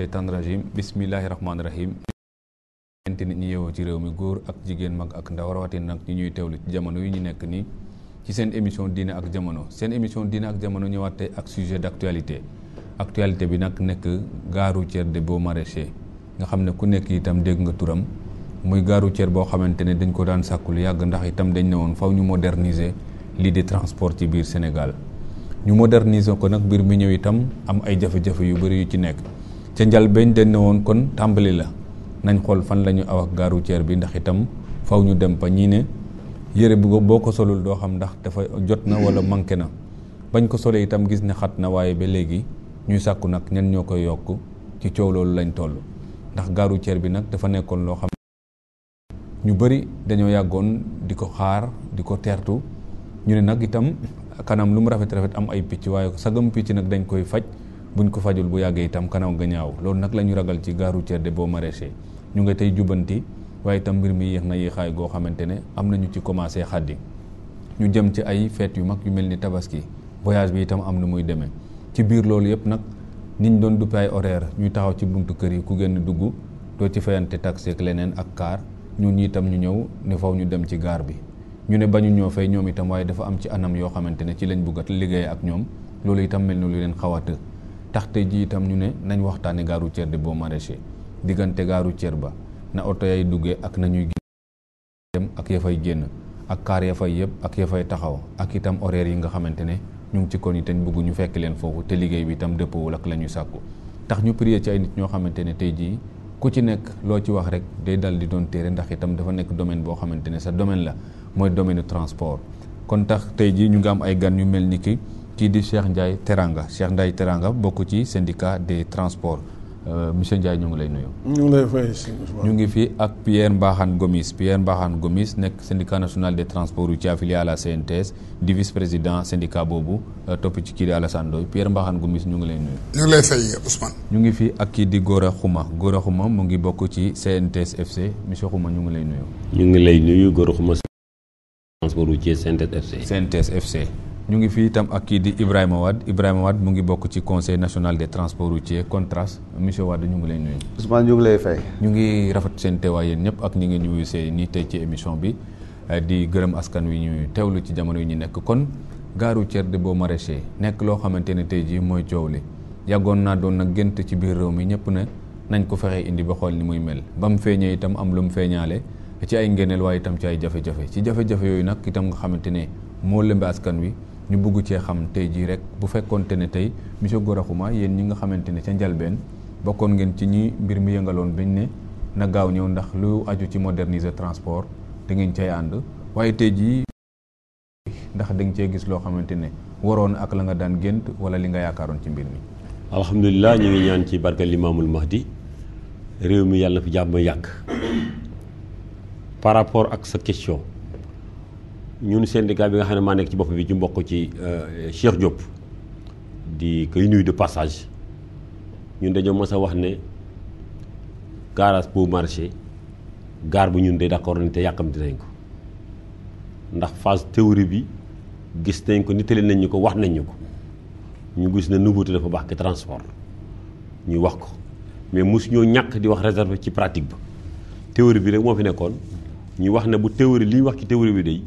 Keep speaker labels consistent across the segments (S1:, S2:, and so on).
S1: sheytaani rajim bismillahi rahmaani rahim ñeenti nit ñi yeewoo ci réew mi góor ak jigéen mag ak ndaw rawatina nag ñi ñuy teewlu ci jamono yi ñu nekk nii ci seen émission diine ak jamono seen émission diine ak jamono ñëwaatee ak sujet d'actualité actualité bi nag nekk gare routière de Baux Maraîchers nga xam ne ku nekk itam dégg nga turam muy gare routière boo xamante ne dañ ko daan sàkkul yàgg ndax itam dañ ne woon faw ñu moderniser lii di transport ci biir Sénégal ñu moderniser ko nag mbir mi ñëw itam am ay jafe yu bëri yu ci nekk ca njalbeen dañ ne woon kon tàmbali la nañ xool fan la ñu aw ak gaaru ceer bi ndax itam faw ñu dem fa ñii ne yére bu boo ko solul doo xam ndax dafa jot na wala manqué na bañ ko solee itam gis ne xat na waaye ba léegi ñuy sàkku nag ñan ñoo koy yokk ci coow loolu lañ toll ndax gaaru ceer bi nag dafa nekkoon loo xam ñu bëri dañoo yàggoon di ko xaar di ko teertu ñu ne nag itam kanam lu mu rafet rafet am ay picc waaye sagam picc nag dañ koy faj buñ ko fajul bu yàggee itam kanaw nga ñaaw loolu nag la ñu ragal ci gaaru routière boo Baux ñu nga tey jubbanti waaye itam mbir mi yéex na yéexaay goo xamante ne am na ñu ci commencé xaddi ñu jëm ci ay fête yu mag yu mel ni tabaski voyage bi itam am na muy demee ci biir loolu yëpp nag niñ doon duppe ay ñu taxaw ci buntu kër yi ku génn dugg doo ci fayante taxi ak leneen ak kaar ñun itam ñu ñëw ne faw ñu dem ci gaar bi ñu ne bañu ñoo fay ñoom itam waaye dafa am ci anam yoo xamante ne ci lañ buggat liggéey ak ñoom loolu itam lu leen xawata tax tey ji itam ñu ne nañ waxtaane gaaru routière de Baux Maraîchers diggante gaaru routière ba na oto yay duggee ak nañuy dem ak ya fay génn ak kaar ya fay yëpp ak ya fay taxaw ak itam horaire yi nga xamante ne ñu ngi ci kon itam bëgg ñu fekk leen foofu te liggéey bi itam dëppoowul ak la ñu sàkku tax ñu prier ci ay nit ñoo xamante ne tey jii ku ci nekk loo ci wax rek day dal di doon téere ndax itam dafa nekk domaine boo xamante ne sa domaine la mooy domaine transport kon tax jii ñu ngi am ay gan yu mel ni ki kii di Cheikh Ndiaye Teranga Cheikh Ndiaye Teranga bokk ci syndicat des transports euh, monsieur Ndiaye ñu ngi lay nuyu.
S2: ñu ngi lay fay ñu ngi
S1: fi ak Pierre Mbakhane Gomis Pierre Mbakhane Gomis nekk syndicat national des transports yu ci affilié à la CNTS di vice président boobu euh, topp ci kii di Alassane Ndoye Pierre Gomis ñu ngi lay ñu ngi lay fi ak kii di Gora Xuma Gora Xuma mu ngi bokk ci CNTS FC monsieur Xuma ñu ngi lay nuyu.
S3: ñu ngi lay nuyu Gora Xuma.
S1: transport yu ci CNTS FC. ñu ngi fii itam ak kii di Ibrahima Wade Ibrahima Wade mu ngi bokk ci conseil national des transports routiers CONTRAS monsieur Wade ñu ngi lay nuyu. Ousmane ñu ngi lay fay. ñu ngi rafet seen ñëpp ak ñi ngeen ñu wisee nii tey ci émission bi eh, di gërëm askan wi ñuy teewlu ci jamono yi ñu nekk kon gare routière de Baux Maraîchers nekk loo xamante ne tey jii mooy coow li yàggoon naa doon nag gént ci biir réew mi ñëpp ne nañ ko fexe indi ba xool ni muy mel ba mu feeñee itam am lu mu feeñaale ci ay ngéneel waaye itam ci ay jafe-jafe ci jafe yooyu nag itam nga xamante ne moo askan wi ñu bugg cee xam tey jii rek bu fekkoonte ne tey monsieur Goroxuma yéen ñi nga xamante ne ca njalbeen bokkoon ngeen ci ñi mbir mi yëngaloon bañ ne na gaaw ñëw ndax lu aju ci moderniser transport da ngeen cay ànd waaye tey jii ndax da cee gis loo xamante ne waroon ak la nga daan gént wala li nga yaakaaroon ci mbir mi.
S3: alhamdulilah ñu ngi ñaan ci barka limaamul di réew mi yàlla na fi jàmm yàgg par rapport ak sa question. ñun syndicat bi nga xam ne maa nekk ci bopp bi ci ko ci euh, Cheikh Diop di koy nuyu de passage ñun dañoo mës a wax ne garage pour marché gaar bu ñun de d'accord nañ te yàqamti nañ ko ndax fas théorie bi gis nañ ko nittali nañ ñu ko wax nañ ñu ko ñu gis ne nouveauté dafa baax ki transport ñuy wax ko mais mosu ñoo ñàkk di wax réserve ci pratique ba théorie bi rek moo fi nekkoon ñu wax ne bu théorie liy wax ci théorie bi day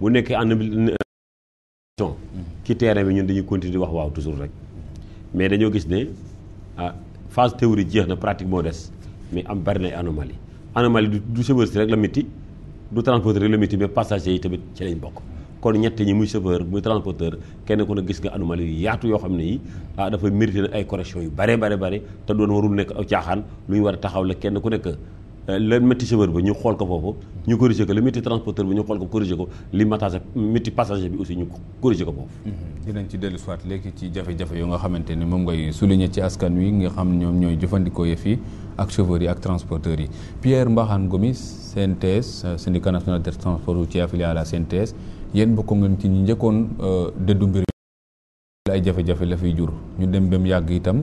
S3: bu nekkee en habilitation mmh. ci terrain bi ñun dañuy continuer di wax waaw toujours rek mais dañoo gis ne ah phase théorique jeex na pratique moo des mais am bari na anomalie anomalie du du chauffeur si rek la métti du transporteur rek la métti mais passager yi tamit ci lañ bokk kon ñett ñi muy chauffeur muy transporteur kenn ku ne gis nga anomalie yu yaatu yoo xam ne yi ah dafa mérité na ay correction yu bare bare bare te doon warul nekk aw caaxaan lu ñu war a taxaw la kenn ku nekk Euh, le métti chauffeur ba ñu xool ko foofu ñu corrigé ko le métti transporteur ba ñu xool ko corrigé ko li matage métti passager bi aussi ñu corrigé ko foofu mhm. dinañ ci dellu soit léegi ci jafe-jafe
S1: yoo nga xamante ne moom ngay souligner ci askan wi nga xam ñoom ñooy jëfandikoo yëf yi ak chauffeurs yi ak transporteurs yi Pierre Mbakhane Gomis CNTS euh, syndicat national des transports routiers affilié à la CNTS yéen bokk ngeen ci ñu njëkkoon euh, dëddu mbir ay jafe-jafe la fiy jur ñu dem bam yàgg itam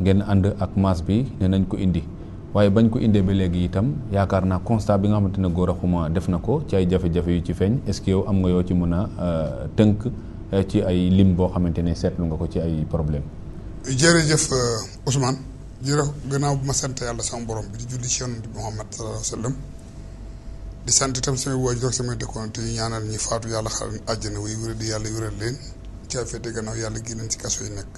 S1: ngeen ànd ak masse bi ne nañ ko indi waaye bañ ko indee ba léegi itam yaakaar naa constat bi nga xamante ne Gora Khouma def na ko ci ay jafe-jafe yu ci feeñ est-ce que yow am nga yoo ci mën a euh, tënk euh, ci ay lim boo xamante ne seetlu nga ko ci ay problème
S4: jërëjëf euh, Ousmane jërëjëf gannaaw bu ma sant yàlla sama borom bi di julli ci yonent bi Muhammad sallallahu alayhi di sant itam samay waajur ak samay dëkkoon te ñu ñaanal ñi faatu yàlla xaral àjjana way wéral di yàlla wéral leen ci afeete gannaaw yàlla génneen ci kaso yi nekk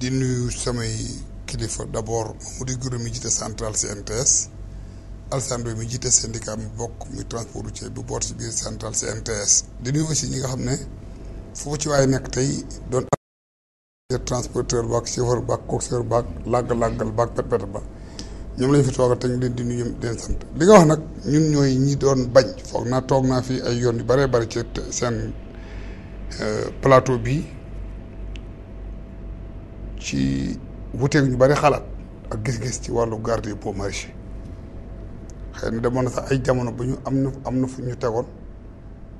S4: di samay kilifa mu di Guro mi jiite central CNTS Alassane Ndoye mi jiite syndicat mi bokk muy transport routier bu boot ci biir central CNTS di nuyu aussi ñi nga xam ne foofu ci waaye nekk tey doon transporteur baak chauffeur baak coxeur baak làgg-làggal baak pet ba ñoom lañu fi toogal te ñu leen di nu ñoom leen sant li nga wax nag ñun ñooy ñi doon bañ foog na toog naa fi ay yoon yu bare bari ci seen euh, plateau bi ci wuteeg ñu bari xalaat ak gis-gis ci wàllu garde pour maraîcher xëy na demoon na sax ay jamono bu ñu am na am na fu ñu tegoon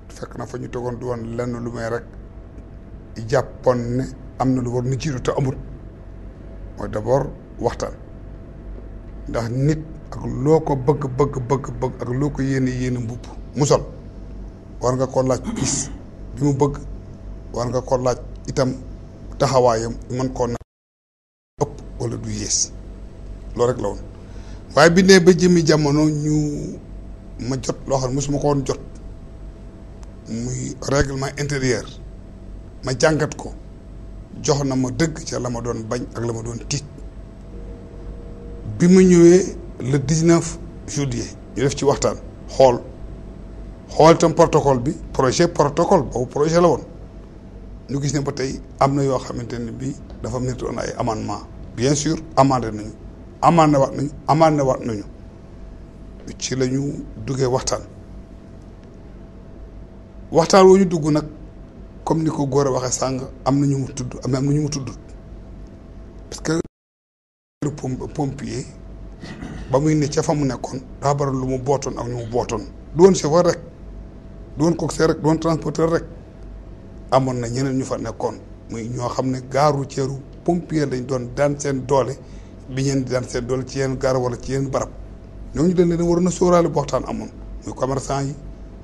S4: fekk na fa ñu tegoon du woon lenn lu may rek jàppoon ne am na lu war na jiitu te amul mooy d'abord waxtaan ndax nit ak loo ko bëgg bëgg bëgg bëgg ak loo ko yéene yéene mbubb mu war nga ko laaj gis bi mu bëgg war nga ko laaj itam taxawaayam mën koo na wala du yées loolu rek la woon waaye bi ne ba jëmi jamono ñu ma jot loo xam ne mosuma ko woon jot muy règlement intérieur ma jàngat ko jox na ma dëgg ca la ma doon bañ ak la ma doon tiit bi mu ñëwee le 19 juillet ñu def ci waxtaan xool xool itam protocole bi projet protocole boobu projet la woon ñu gis ne ba tey am na yoo xamante ne bi dafa mérite ay amendement bien sûr amandé nañu amandé waat nañu amandé wax nañu ci la ñu duggee waxtaan waxtaan woo ñu dugg nag comme ni ko góor a waxee sàng am na ñu mu tudd am na ñu mu tudd parce que pompier ba muy ne ca fa mu nekkoon daa bari lu mu bootoon ak ñu mu bootoon du woon chauffeur rek du woon coxeur rek du woon transporteur rek amoon na ñeneen ñu fa nekkoon muy ñoo xam ne gaaru ceeru pompier lañ doon daan seen doole bi ngeen di daan seen doole ci yenn gar wala ci yenn barab ñooñu dañ leen waroon a sóoraale bu waxtaan amoon muy commerçant yi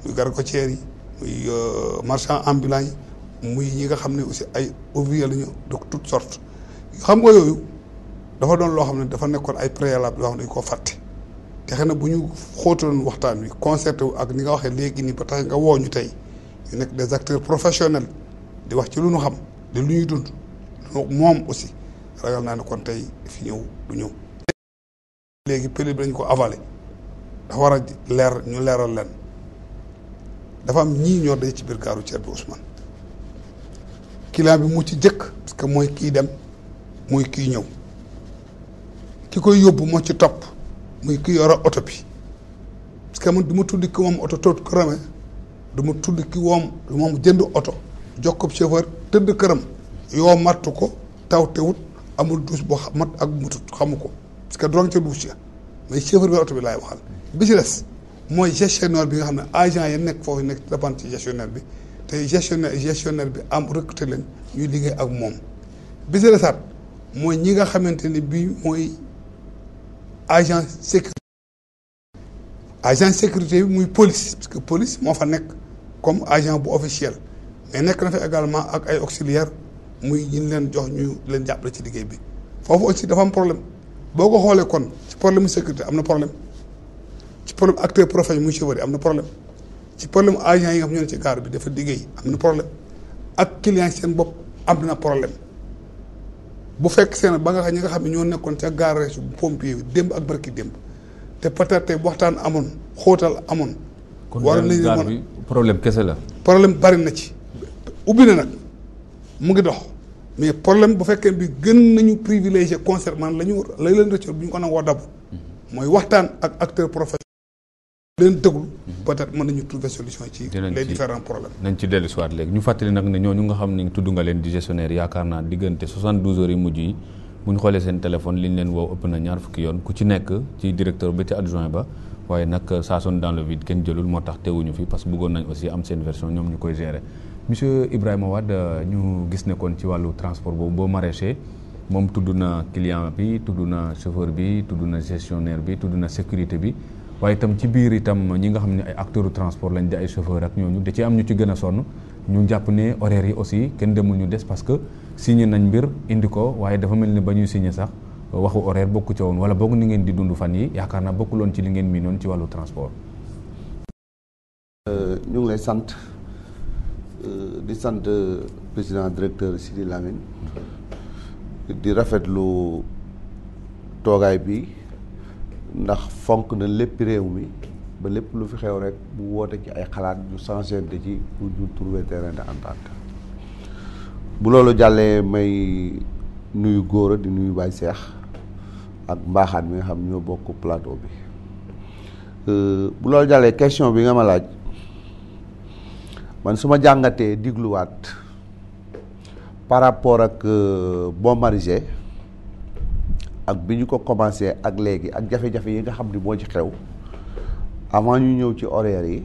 S4: muy gargotières yi muy euh, marchand ambulant yi muy ñi nga xam ne aussi ay ouvrier lañu de toute sorte xam nga yooyu dafa doon loo xam ne dafa nekkoon ay préalable yoo xam koo fàtte te na bu ñu xóotaloon waxtaan wi concerté wu ak ni nga waxee léegi nii ba tax nga woo ñu tey ñu nekk des acteurs professionnel di wax ci lu ñu xam di lu ñuy dund. moom aussi ragal naa ne kon tey fi ñëw du ñëw. léegi période bi dañu ko avale dafa war a leer ñu leeral leen dafa am ñii ñoo de ci biir kaaru ceeb bi Ousmane client bi mu ci jëkk parce que mooy kii dem mooy kii ñëw ki koy yóbbu moo ci topp muy kii yore oto bi parce que du ma tudd ki moom oto toot këram du tudd ki moom moom jënd oto jox ko chauffeur tëdd këram. yow mattu ko taw tewut amul duus boo mat ak mutut xamu ko parce que dorong ca duus ya mais chauffeur bi oto bi laay waxal bi ci des mooy gestionnaire bi nga xam ne agent yi nekk foofu nekk dépend ci gestionnaire bi te gestionnaire gestionnaire bi am recruté leen ñuy liggéey ak moom bi ci desaat mooy ñi nga xamante ni bii mooy agent sécurité agent sécurité bi muy police parce que police moo fa nekk comme agent bu officiel mais nekk na fa également ak ay auxiliaire muy ñu leen jox ñu leen jàppale ci liggéey bi foofu aussi dafa am problème boo ko xoolee kon ci problème sécurité am na problème ci problème acteur professionnel muy chauffeur am na problème ci problème agent yi nga xam ñoo ne ci gaar bi dafa liggéey am na problème ak client seen bopp am na problème bu fekk seen ba nga xam ñi nga xam ne ñoo nekkoon ca garage bu pompier démb ak barki démb te peut-être tey waxtaan amoon xootal amoon. war nañu mën
S1: problème kese la.
S4: problème bari na ci ubbi na nag mu ngi dox. mais problème bu fekkee bi gën nañu privilégié concernant la ñu la leen rëcc bu ñu ko nangoo dabu mooy waxtaan ak acteur professionnel leen déglu mhm. peut-être mën nañu trouver solution ci léegi
S1: ñu fàttali nag ne ñooñu nga xam ne tudd nga leen di gestionnaire yaakaar naa diggante 72 heures yi mujj yi bu ñu xoolee seen téléphone li ñu leen woo ëpp na ñaar fukki yoon ku ci nekk ci directeur ba ci ba waaye nag ça dans le vide kenn jëlul moo tax teewuñu fi parce que bëggoon nañ aussi am seen version ñoom ñu koy gérer monsieur Ibrahima Wade ñu gis ne kon ci wàllu transport boobu boo maraîcher moom tudd na client bi tudd na chauffeur bi tudd na gestionnaire bi tudd na sécurité bi waaye itam ci biir itam ñi nga xam ne ay acteurs transport lañ di ay chauffeur ak ñooñu da ci am ñu ci gën a sonn ñu jàpp ne horaires yi aussi kenn demul ñu des parce que signé nañ mbir indi ko waaye dafa mel ni ba ñuy signé sax waxu horaire bokk ca woon wala boog ni ngeen di dund fan yi yaakaar naa bokkuloon ci li ngeen miinoon ci wàllu transport.
S5: Euh, ñu ngi sant. Euh, di sant euh, président directeur Sidi Lamine di rafetlu toogaay bi ndax fonk na lépp réew mi ba lépp lu fi xew rek bu woote ci ay xalaat ñu changé de ci pour ñu trouver terrain d'entente bu loolu jàllee may nuyu góor di nuyu Baye Seex ak mbaaxaan bi nga xam ñoo bokk plateau bi euh, bu loolu jàllee question bi nga ma laaj man su ma jàngatee digluwaat par rapport ak euh, bon marise ak bi ñu ko commencé ak léegi ak jafe-jafe yi nga xam ni moo ci xew avant ñu ñëw ci horaire yi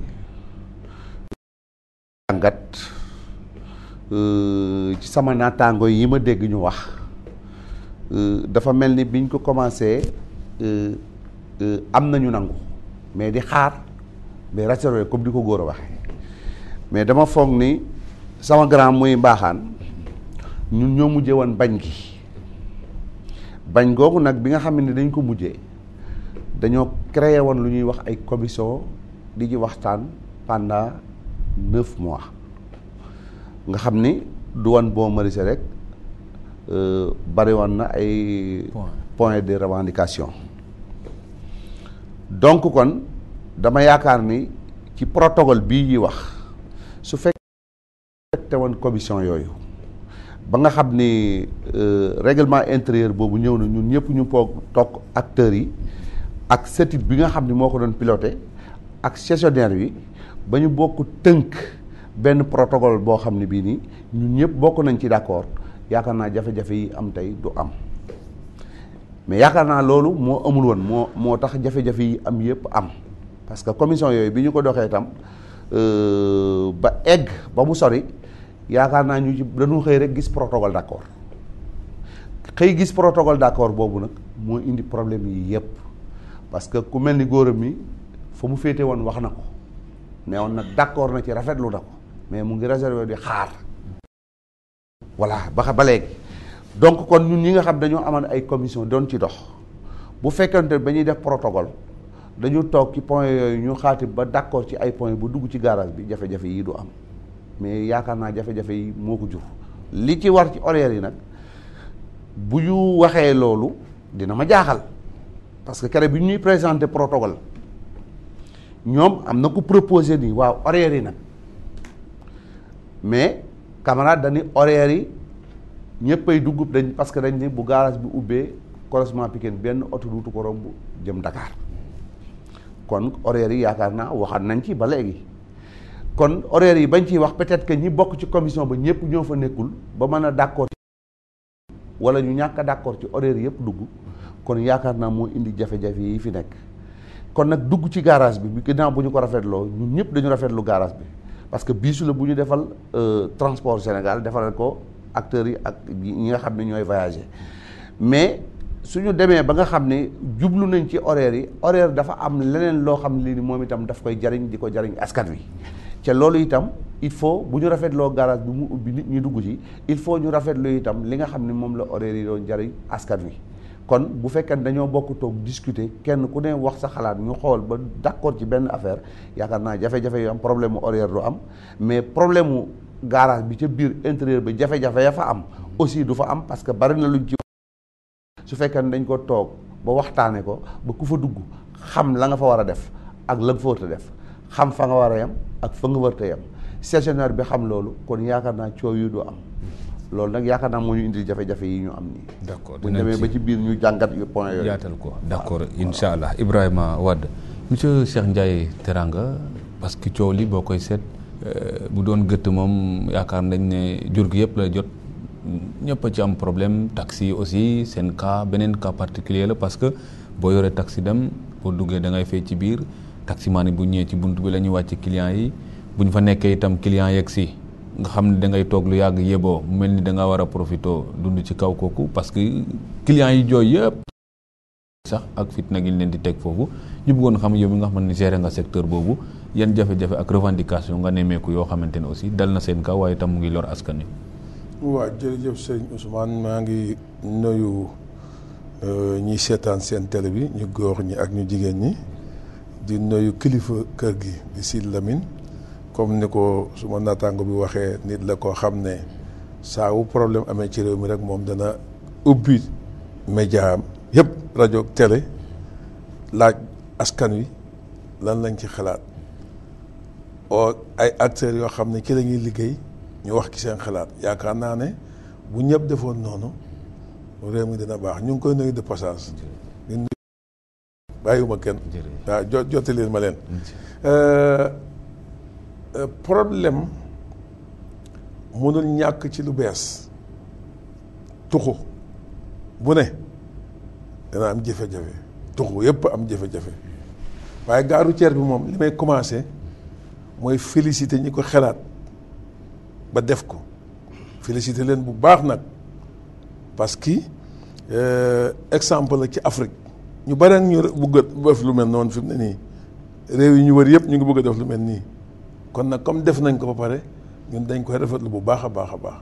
S5: jàngat euh, ci sama naataango yi ma dégg ñu wax euh, dafa mel ni biñ ko commencé am nañu nangu mais di xaar mais rassuré comme di ko góor a waxe mais dama foog ni sama grand muy mbaaxaan ñun ñoo mujje woon bañ gi bañ googu nag bi nga xam ne dañ ko mujjee dañoo créer woon lu ñuy wax ay commission di ci waxtaan pendant neuf mois nga xam ni du woon bon marisé rek euh, bari woon na ay point de revendication donc kon dama yaakaar ni ci protocole bii yi wax su fekkee woon commission yooyu ba nga xam ni euh, règlement intérieur boobu ñëw na ñun ñëpp ñu poog toog acteurs yi ak CETUD bi nga xam ni moo ko doon piloté ak gestionnaire bi ba ñu bokk tënk benn protocole boo xam ne bii nii ñun ñëpp bokk nañ ci d'accord yaakaar naa jafe-jafe yi am tey du am mais yaakaar naa loolu moo amul woon moo moo tax jafe-jafe yi am yëpp am parce que commission yooyu bi ñu ko doxee itam Euh, ba egg ba mu sori yaakaar naa ñu ci dañu xëy rek gis protocole d'accord xëy gis protocole d'accord boobu nag moo indi problème yi yépp parce que ku mel ni góoram mi fa mu féete woon wax na ko ne woon nag d'accord na ci rafetlu na ko mais mu ngi réservé di xaar voilà ba ba léegi donc kon ñun ñi nga xam dañoo amoon ay commission doon ci dox bu fekkante ba ñuy def protocole dañu toog ci point yooyu ñu xaati ba d'accord ci ay point bu dugg ci garage bi jafe-jafe yi du am mais yaakaar naa jafe-jafe yi moo ko jur li ci war ci horaire yi nag bu ñu waxee loolu dina ma jaaxal parce que kere bi ñuy présenté protocole ñoom am na ku proposé nii waaw horaire yi nag mais camarade dañu horaire yi ñëppay dugg dañ parce que dañ ni bu garage bi ubbee croisement Pikine benn oto duutu ko romb jëm Dakar kon horaires yi yaakaar naa waxaat nañ ci ba léegi kon horaires yi bañ ciy wax peut-être que ñi bokk ci commission ba ñëpp ñoo fa nekkul ba mën a d'accord wala ñu ñàkk a d'accord ci horaires yëpp dugg kon yaakaar naa moo indi jafe-jafe yi fi nekk kon nag dugg ci garage bi ginnaaw bu ñu ko rafetloo ñun ñëpp dañu rafetlu garage bi parce que biisu la bu ñu defal euh, transport Sénégal defal ko acteurs yi ak ñi nga xam ne ñooy voyager mais suñu demee ba nga xam ne jublu nañ ci horaire yi horaire dafa am leneen loo xam ne moom itam daf koy jariñ di ko jariñ askan wi ca loolu itam il faut bu ñu rafetloo garage bi mu ubbi nit ñi dugg ci il faut ñu rafetlu itam li nga xam ne moom la horaire yi doon jariñ askan wi kon bu fekkee dañoo bokk toog discuter kenn ku ne wax sa xalaat ñu xool ba d'accord ci benn affaire yaakaar naa jafe-jafe yu problème mu horaire du am mais problème mu garage bi ca biir intérieur ba jafe-jafe am su fekkee ne dañ ko toog ba waxtaanee ko ba ku fa dugg xam la nga fa war a def ak la nga fa war def xam fa nga war a yem ak fa nga war a yem stationnaire bi xam loolu kon yaakaar naa coow yu du am loolu nag yaakaar naa moo ñu indi jafe-jafe yi ñu am nii. d' accord bu ñu demee ba ci biir ñu jàngat point yooyu. yaatal ko
S1: d' accord incha allah Ibrahima Wade monsieur Cheikh Ndiaye Teranga parce que coow li boo koy seet euh, bu doon gëtt moom yaakaar nañ ne jur gi yëpp la jot. ñëpp ci am problème taxi aussi seen cas beneen cas particulier la parce que boo yoree taxi dem boo duggee da ngay fay ci biir taximaan yi bu ñëwee ci bunt bi la ñuy wàcc clients yi bu ñu fa nekkee itam client yegg si nga xam ne da ngay toog lu yàgg yeboo mu mel ni da nga war a profité dund ci kaw kooku parce que clients yi jooy yëpp sax ak fitna gi leen di teg foofu ñu bëggoon xam yow mi nga xamante ni géré nga secteur boobu yan jafe-jafe ak revendication nga nemmeeku yoo xamante ne aussi dal na seen kaw itam mu ngi lor askan wi
S2: waaw jërëjëf sëñ Ousmane maa ngi nuyu euh, ñi seetaan seen télé bi ñu góor ñi ak ñu jigéen ñi di nuyu kilifa kër gi di Sidy Lamine comme ni ko suma naataango bi waxee nit la koo xam ne saa wu problème amee ci réew mi rek moom dana ubbi média am yëpp rajo télé laaj askan wi lan lañ ci xalaat oo ay acteurs yoo xam ne ci lañuy liggéey. ñu wax ci seen xalaat yaakaar naa ne bu ñëpp defoon noonu réew mi dina baax ñu ngi koy nuyu de passage. di bàyyiwuma kenn. waaw ah, jo jote leen ma leen. Euh, euh, problème mënul ñàkk ci lu bees tuxu bu ne dana am jafe-jafe tuxu yëpp am jafe-jafe waaye gare routière bi moom li may commencer mooy féliciter ñi ko xalaat. ba def ko félicité leen bu baax nag parce que euh, exemple la ci Afrique ñu bare ñu bëgg def lu mel noonu fim ne nii réew yi ñu wër yëpp ñu ngi bëgg a def lu mel nii kon nag comme def nañ ko ba pare ñu dañ koy rafetlu bu baax a baax a baax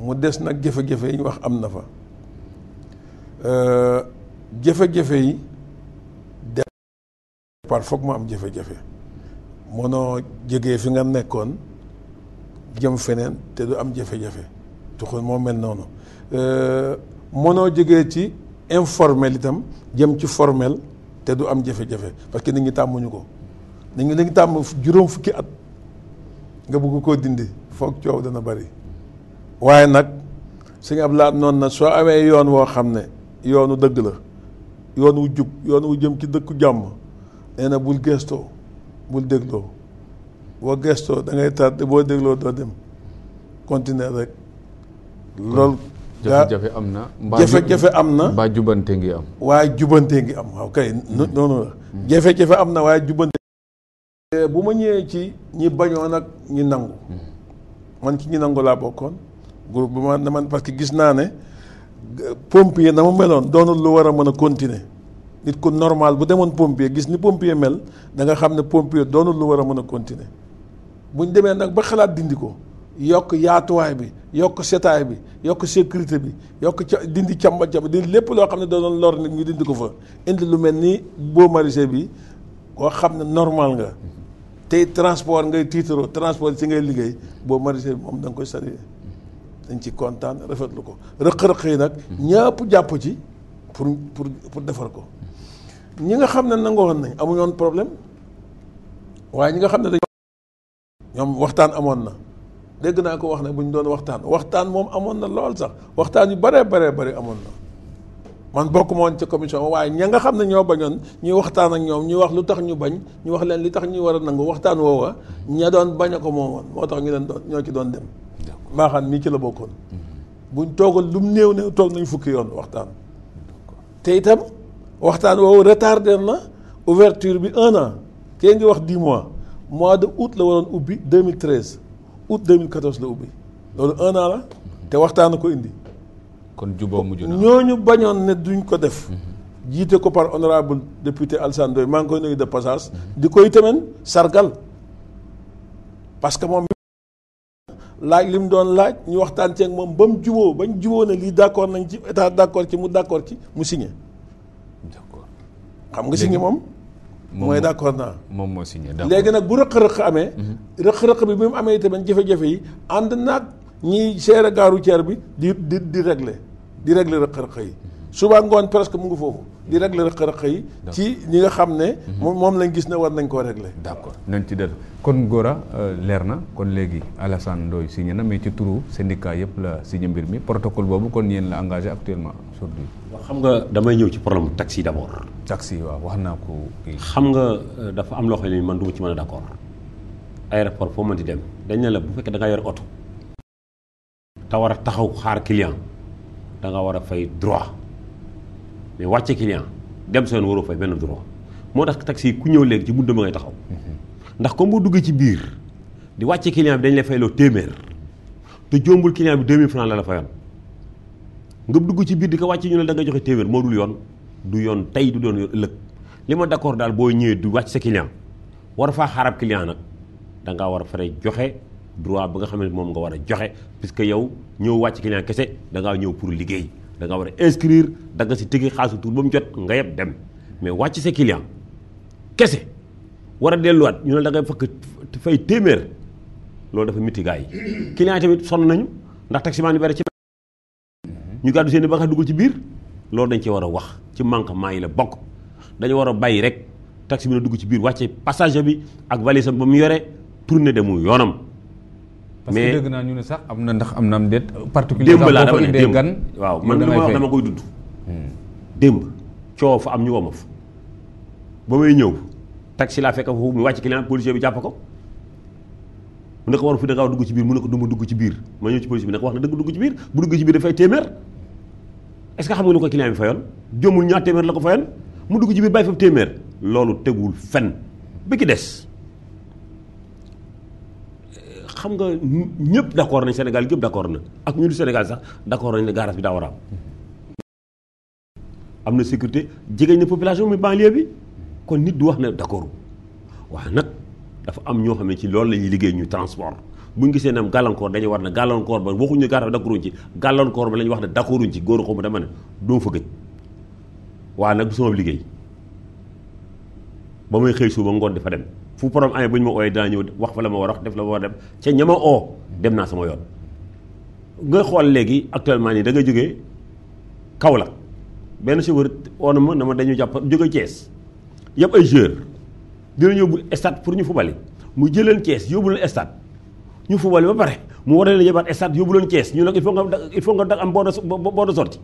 S2: mu des nag jafe-jafe yi ñu wax am na fa euh, jafe-jafe yi départ foog mu am jafe-jafe mënoo fi nga nekkoon jëm feneen te du am jafe-jafe tuxul moo mel noonu euh, mënoo jóge ci informel itam jëm ci formel te du am jafe-jafe parce que nit ñi tàmmuñu ko nit ñi dañu tàmm juróom fukki at nga bëgg koo dindi foog coow dana bari waaye nag sëñ ab laat noon na soo amee yoon woo xam ne yoonu dëgg la yoon wu jub yoon wu jëm ci dëkku jàmm nee na bul gëstoo bul dégloo boo gëstoo da ngay tardé boo dégloo doo dem continuer rek loolu jafe-jafe am na jafe-jafe
S1: am na mbaa jubante ngi am
S2: waaye jubante ngi am waaw kay mm. noonu la mm. jafe-jafe am na waaye jubante bu ma ñëwee ci ñi bañoon ak ñi nangu mm. man ki ñi nangu laa bokkoon groupe bu ma ne man parce que gis naa ne pompier na ma meloon doonul lu war a mën a continuer nit ku normal bu demoon pompier gis ni pompier mel da nga xam ne pompier doonul lu war a mën a continuer buñ demee nag ba xalaat dindi ko yokk yaatuwaay bi yokk setaay bi yokk sécurité bi yokk ca dindi càmba càmba dindi lépp loo xam ne da doon lor nit ñu dindi ko fa indi lu mel nii boo maraîcher bi koo xam ne normal nga tey transport ngay tiitaroo transport si ngay liggéey boo maraîcher bi moom danga koy saluer dañ ci kontaan rafetlu ko rëq-rëq yi nag ñëpp jàpp ci pour pour pour defar ko ñi nga xam ne nangoon nañ amuñoon problème waaye ñi nga xam ne dañ ñoom waxtaan amoon na dégg naa ko wax ne bu ñu doon waxtaan waxtaan moom amoon na lool sax waxtaan yu baree baree bëri amoon na man bokk ma ca commission waaye ña nga xam ne ñoo bañoon ñuy waxtaan ak ñoom ñuy wax lu tax ñu bañ ñu wax leen li tax ñu war a nangu waxtaan woowa ña doon bañ a ko moomoon moo tax ñu leen doon ñoo ci doon dem mbaaxaan mii ci la bokkoon buñ toogal lu mu néew néew toog nañ fukki yoon waxtaan te itam waxtaan woowu retardé na ouverture bi un an kee ngi wax dix mois mois de août la waroon ubbi deux 2013 août 2014 la ubbi loolu un an la te waxtaan a ko indi. kon juboo mujj na ñooñu bañoon ne duñ ko def. Mhm. jiite ko par honorable député Alassane maa ngi koy nuyu de passage. di koy tamit sargal parce que moom. laaj li mu doon laaj ñu waxtaan ceek moom ba mu juboo bañ ñu juboo ne lii d' accord nañ ci état d' ci mu d' accord ci mu signé. d' xam nga signé moom. mooy d' accord naa
S1: moom moo signé léegi
S2: nag bu rëq-rëq amee mhm. rëq-rëq bi bi mu amee tamit jafe-jafe yi ànd naag ñiy seere gaaru ceer bi di di di régler di régler rëq-rëq yi mhm. suba ngoon presque mu ngi foofu di régler rëq-rëq yi ci ñi nga xam ne mhm. moom lañ gis ne war nañ koo regle d' accord
S1: nañ ci del kon Gora euh, leer na kon léegi Alassane Ndoye signé na mais ci turu syndicat yëpp la signé mbir mi protocole boobu kon yéen la engagé actuellement aujourd'hui
S3: xam nga damay ñëw ci problème taxi d' abord. taxi waaw wax naa ko. xam nga euh, dafa am loo xam ne man du ma ci mën a d' accord aéroport foo man di dem dañ ne la bu fekkee da nga yor oto. te war a taxaw xaar client danga war a fay droit mais wàcce client dem seen waroo fay benn droit moo tax taxi ku ñëw léegi ci buntu ba ngay taxaw. Mhm. ndax comme boo duggee ci biir di wàcce client bi dañ lay fay loo téeméer te jombul client bi 2000 francs la la fayoon. nga dugg ci biir di ko wàcc ñu ne da joxe téeméer moo dul yoon du yoon tey du doon ëllëg li ma d'accord daal boo ñëwee du wàcc sa client war faa xarab client nag da war a fare joxe droit ba nga xam ne moom nga war a joxe puisque yow ñëw wàcc kese da ngaa liggéey da war a inscrire da si tëggi xaalisu tur ba mu jot nga yeb dem mais wàcc sa client kese war a delluwaat ñu ne da ngay fakk fay téeméer loolu dafa miti gars yi client yi tamit sonn nañu ndax taximaan yu bari ci ñu gàddu seen dugg ci biir loolu dañ ci war a wax ci manquement yi la bokk dañu war a bàyyi rek taxi bi na dugg ci biir wàcce passager bi ak valise ba mu yore tourné demu yoonam. parce que dégg naa
S1: ñu ne sax am na ndax
S3: am na am déet. particulier démb laa dama ne waaw man li ma koy dudd. démb coow fa am ñu woo fa ba may ñëw taxi laa fekk foofu mu wàcc client policier bi jàpp ko. mu ne ko war fi da ngaa dugg ci biir mu ne ko du ma dugg ci biir ma ñëw ci policier bi ne wax na dëgg dugg ci biir bu dugg ci biir dafay téeméer. est-ce que xam nga ni ko client bi fayoon jomul ñaar téeméer la ko fayoon mu dugg ci biir bàyyi foofu téeméer loolu tegul fen bi ki des xam nga ñëpp d'accord nañ Sénégal ñëpp d'accord na ak ñu du Sénégal sax d'accord nañ ne garage bi daa war am na sécurité jegeñ na population muy banlieue bi kon nit du wax ne d'accord waaw nag dafa am ñoo xam ne ci loolu lañuy liggéey ñu transport bu ñu gisee ne am gàllankoor dañuy war ne gàllankoor ba waxuñu ne gàllankoor d'accorduñ ci gàllankoor ba la ñu wax ne d'accorduñ ci góor xaw ma dama na doo fa gëj waa nag du sama liggéey ba may xëy suba ngoon di fa dem fu problème amee bu ñu ma ooyee dinaa ñëw wax fa la ma war a wax def la ma war a def ca ña ma oo dem naa sama yoon. nga xool léegi actuellement nii da jóge jógee Kaolack benn chauffeur woon ma na ma dañu jàpp jóge Thiès yëpp ay joueurs dinañu yóbbu stade pour ñu fubali mu jëleen Thiès yóbbu leen ñu fubale ba pare mu war a leen yëbaat stade yóbbu leen Thiès ñu nag il faut nga il faut nga da am bon de bon de sortie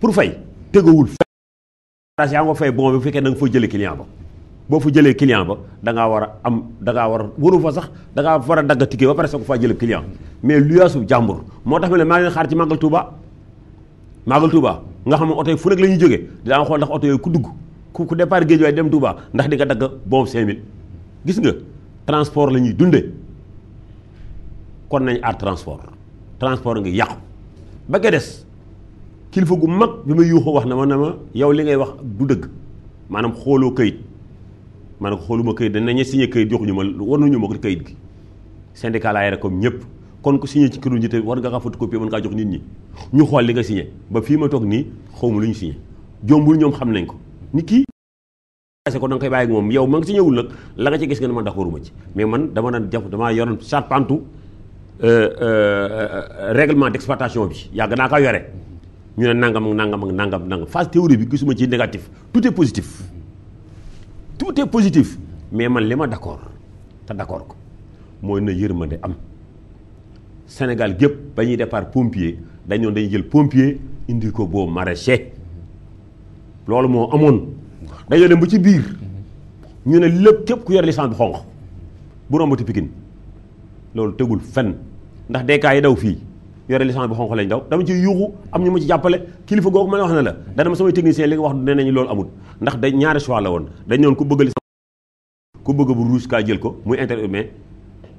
S3: pour fay tëggawul fay yaa nga fay bon bi fekkee danga nga jële jëlee client ba boo fa jëlee client ba da war a am da war a waru fa sax da war a dagg ticket ba pare soo ko faa jëlee client mais luyaasu jàmbur moo tax ma ne maa xaar ci màggal Touba màggal Touba nga xam ne oto yi fu nekk la ñuy jógee dinaa xool ndax oto yooyu ku dugg ku ku départ géej waaye dem Touba ndax di nga dagg bon 5000 gis nga transport la ñuy kon nañ aar transport transport ngi yàqu ba nga des kilifa gu mag bi ma yuuxu wax na ma ne ma yow li ngay wax du dëgg maanaam xooloo këyit ma ne ko xooluma këyit dañ nañu signé këyit ma waruñu ma ko këyit gi syndicat laay rek comme ñëpp kon ku signé ci këru njiit war nga xam photocopie mën ngaa jox nit ñi ñu xool li nga signé ba fii ma toog nii xaw ma lu ñu signé jombul ñoom xam nañ ko nit kii parce que da moom yow ma si ñëwul nag la nga ci gis nga ne man d'accorduma ci mais man dama daan jaf damaa yoroon charpente Euh, euh, euh, règlement d'exploitation bi yàgg naa ka yore ñu ne nangam ak nangam ak nangam nangam phase théorie bi gisuma ci négatif tout est positif tout est positif mais man li ma d'accord te d'accord ko mooy na ma yërmande am Sénégal gépp ba ñuy départ pompier dañoo dañuy jël pompier indi ko boo maraîcher loolu moo amoon dañoo dem ci biir ñu ne lépp képp ku yor licence bu xonq bu rombati Pikine loolu tegul fenn ndax DK yi daw fii yore licence bu xonq lañ daw dama ci yuuxu am ñu ma ci jàppale kilifa googu mën a wax ne la dana ma samay technicien li nga wax ne nañu loolu amul ndax da ñaari choix la woon dañ noon ku bëgg ku bëgg bu rouge kaa jël ko muy interurbain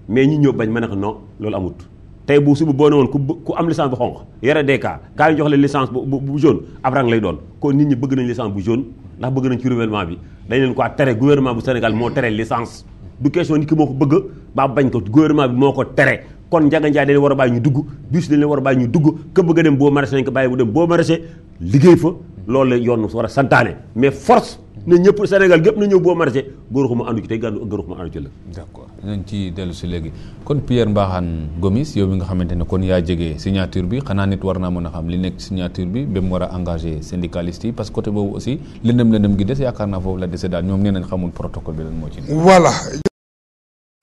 S3: mais ñi ñëw bañ ma ne ko loolu amut tey bu boo woon ku ku am licence bu xonq yore DK kaa ñu jox la licence bu bu jaune ab rang lay doon kon nit ñi bëgg nañ licence bu jaune ndax bëgg nañ ci renouvellement bi dañ leen ko tere gouvernement bu Sénégal moo tere licence bu question nit ki moo ko bëgg baa bañ ko gouvernement bi moo ko tere kon Ndiaga Ndiaye dañ war a bàyyi ñu dugg bus dañ war a bàyyi ñu dugg ka bëgg a dem boo maraîcher nañ ko bàyyi bu dem boo maraîcher liggéey fa loolu la yoon war a santaane mais force na ñëpp Sénégal gépp na ñëw boo maraîcher góor xuma àndu ci tey góor xuma àndu la
S1: d'accord dinañ ci dellu si léegi kon Pierre Mbakhane Gomis yow mi nga xamante ne kon yaa jege signature bi xanaa nit war naa mën a xam li nekk signature bi ba mu war a engagé syndicaliste yi parce que côté boobu aussi lëndëm lëndëm gi des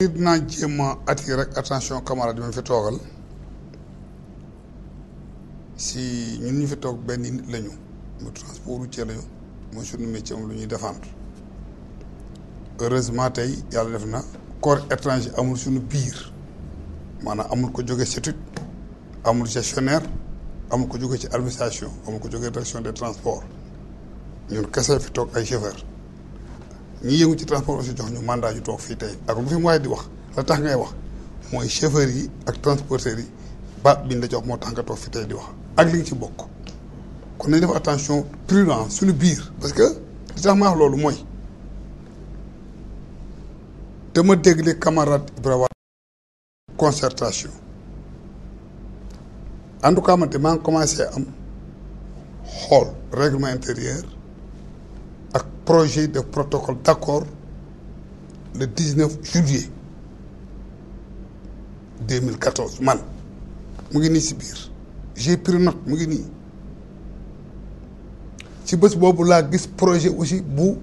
S4: ngir naa jéem a attirer rek attention camarade bi ma fi toogal si ñun ñu fi toog benn nit lañu mu transport routier lañu mooy suñu métier am lu ñuy défendre heureusement tey yàlla def na corps étranger amul sunu biir maanaam amul ko jóge statut amul gestionnaire amul ko jóge ci administration amul ko jóge direction des transports ñun kese fi toog ay chauffeur ñi yëngu ci transport aussi jox ñu mandat yu toog fii tey ak lu fi mu waaye di wax la tax ngay wax mooy chauffeur yi ak transporteurs yi baat bi ñu la jox moo tax nga toog fii tey di wax ak li nga ci bokk kon nañ def attention prudent suñu biir parce que li tax ma wax loolu mooy dama dégle camarade Ibrahima en tout cas man maa ngi am xool règlement intérieur ak projet de protocole d'accord le 19 juillet 2014 man mu ngi nii si biir j'ai pris note mu ngi nii ci bës boobu laa gis projet aussi bu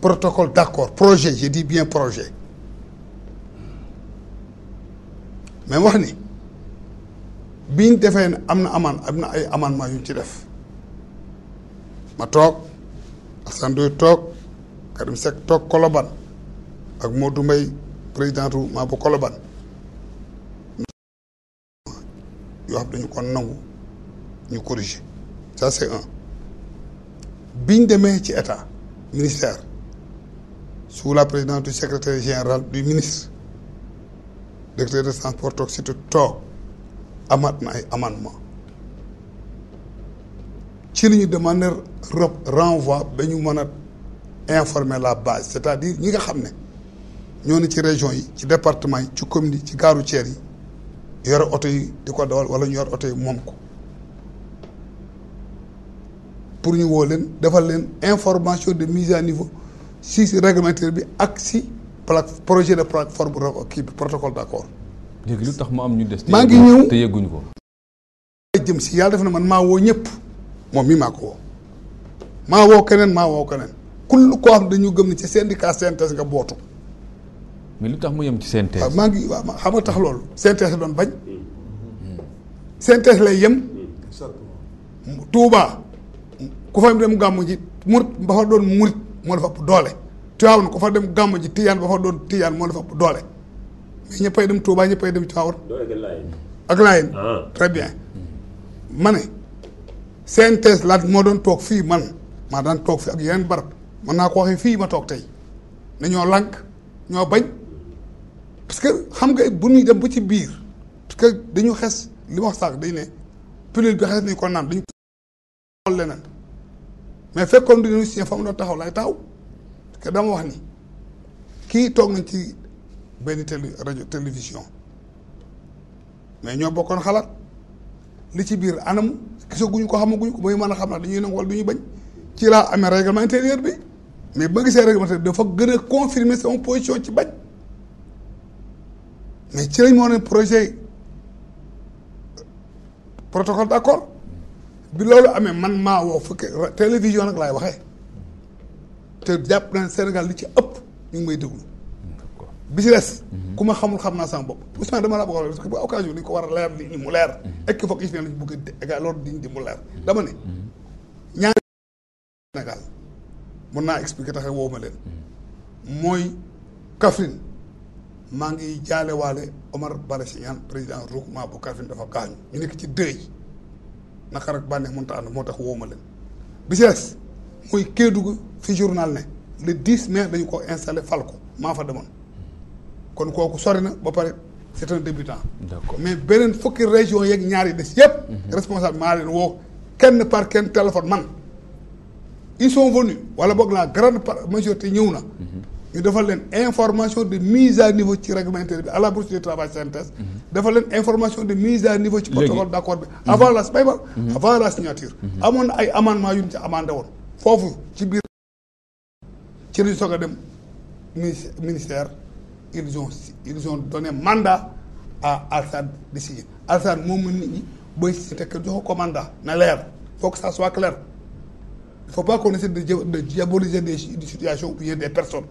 S4: protocol d'accord projet je bien projet mais wax ni biñ defee ne am na amaan am na ay amendement yu ci def ma toog Assane Ndoye toog Karim Seck toog Colobane ak Modou Mbaye présidentu maa bu koloban yoo xam dañu kon nangu ñu corriger ça c'est un biñ demee ci état ministère sous la présidence du secrétaire général du ministre directeur des transports toog surtout toog amaat ay amendement ci la ñu de manière renvoi ba ñu mën a informer la base c'est-à-dire ñi nga xam ne ñoo ne ci région yi ci département yi ci commune yi ci gare routière yi yore oto yi di ko dawal wala ñu yore oto yi moom ko pour ñu woo leen defal leen information de mise à niveau si réglementaire bi ak si plate projet de plateforme kii bi protocole d'accord.
S1: léegi lu tax mu am ñu des. maa ngi ñëw te yegguñu ko.
S4: jëm si yàlla def na man maa woo ñëpp. moom mii maa ko woo maa woo keneen maa woo keneen kull koo xam dañu gëm ne ci syndicat CNTS nga bootu. mais lu tax mu yem ci CNTS. maa ngi waaw xam nga tax loolu. CNTS la doon bañ. CNTS lay yem. Touba ku fa dem gàmmu ji murit ba fa doon murit moo la fa ëpp doole. Tiwaawan ku fa dem gàmmu ji Tijaan ba fa doon Tijaan moo la fa ëpp doole mais ñëppay dem Touba ñëppay dem Tiwaawan. ak Laayeen. Ah. très bien synthèse laat moo doon toog fii man maa daan toog fii ak yeneen barab mën naa ko waxee fii ma toog tey ne ñoo lànk ñoo bañ parce que xam nga it bu ñuy dem bu ci biir parce que dañu xes li ma wax sax dañ ne pilule bi xes nañ ko naan dañu xool leneen mais fekkoon dinañu signé fa mu doon taxaw lay taxaw parce que dama wax ni kii toog nañ ci benn télé rajo télévision mais ñoo bokkoon xalaat li ci biir anam gisaguñu ko xamaguñu ko mooy mën a xam na dañuy nangu wala du ñu bañ ci laa amee règlement intérieur bi mais ba gisee règlement intérieur dafa gën a confirmer sama position ci bañ mais ci lañ moo ne projet protocole d'accord bi loolu amee man maa woo fukki télévision nag laay waxee te jàpp na Sénégal li ci ëpp ñu ngi may déglu bi mhm. ku ma xamul xam naa sama bopp Ousmane dama la bëgg a wax parce que occasion dañu ko war a leer li mu leer. ek foog is ne lañ bëgg a éga loolu di mu leer mhm. dama ne. Mhm. ñaari mun naa expliquer tax woo ma leen. mooy Kaffrine maa ngi jaale waale Omar Bala Signane président regroupement bu Kaffrine dafa gaañu. ñu nekk ci dëj naqar ak bànneex mënut a moo tax woo ma leen bi si des mooy Kédougou fi journal ne le 10 mai dañu ko installé fal ko maa fa demoon. kon kooku sori na ba pare c'est un débutant. mais beneen fukki région yeeg ñaari yi des yëpp. Mhm. responsable maa woo kenn par kenn téléphone man ils sont venus wala boog la grande majorité ñëw na. Mhm. ñu defal leen information de mise à niveau ci règlement intérieur bi à la bourse de travail synthèse. Mhm. leen information de mise à niveau. ci protocole d'accord bi. avant la bay ba avant la signature. amoon na ay amendement yu ñu ci amandé woon foofu ci biir ci dem ministère. ils ont ils ont donné mandat à Al-Sadd de signer Al-Sadd moom nit ñi booy si te joxo ko mandat na leer faut que ça soit clair il faut pas qu'on essaie de de diaboliser des situations ou bien des personnes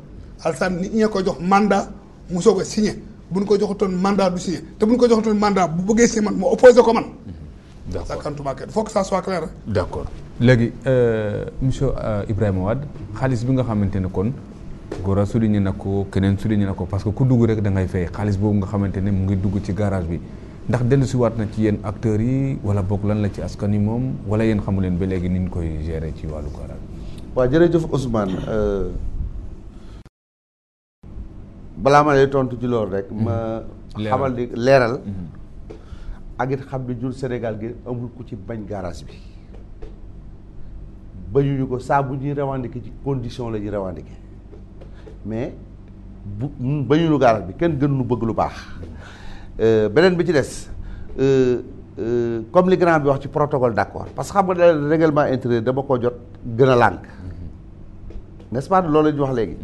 S4: Al-Sadd nit ñee ko jox mandat mu soog a signer bu ñu ko joxutoon mandat du signer te bu ñu ko joxutoon mandat bu bëggee signer man mu opposé ko man. d' accord sakantuma kenn faut que ça soit clair. d' accord
S1: léegi euh, monsieur euh, Ibrahima Wade xaalis bi nga xamante ne kon. Gora souligné na ko keneen souligné na ko parce que ku dugg rek dangay ngay fay xaalis boobu nga xamante ne mu ngi dugg ci garage bi ndax dellusiwaat na ci yéen acteurs yi wala boog lan la ci askan yi moom wala yéen xamu leen ba léegi ni ñu koy gérer ci
S5: wàllu garage bi. jërëjëf Ousmane euh, balaa ma tontu ci loolu rek. ma mm-hmm. xamal ni leeral. Mm-hmm. ak it xam ne gi amul ku ci bañ garage bi bañuñu ko saabu bu ñuy revendiquer ci condition la ñuy revendiquer mais bu bañu lu gaaral bi kenn gën lu bëgg lu baax euh, beneen bi ci des euh, euh, comme li grand bi wax ci protocole d'accord parce que xam nga da règlement intérieur dama ko jot gën a lànk nest pas loolu la ñu wax léegi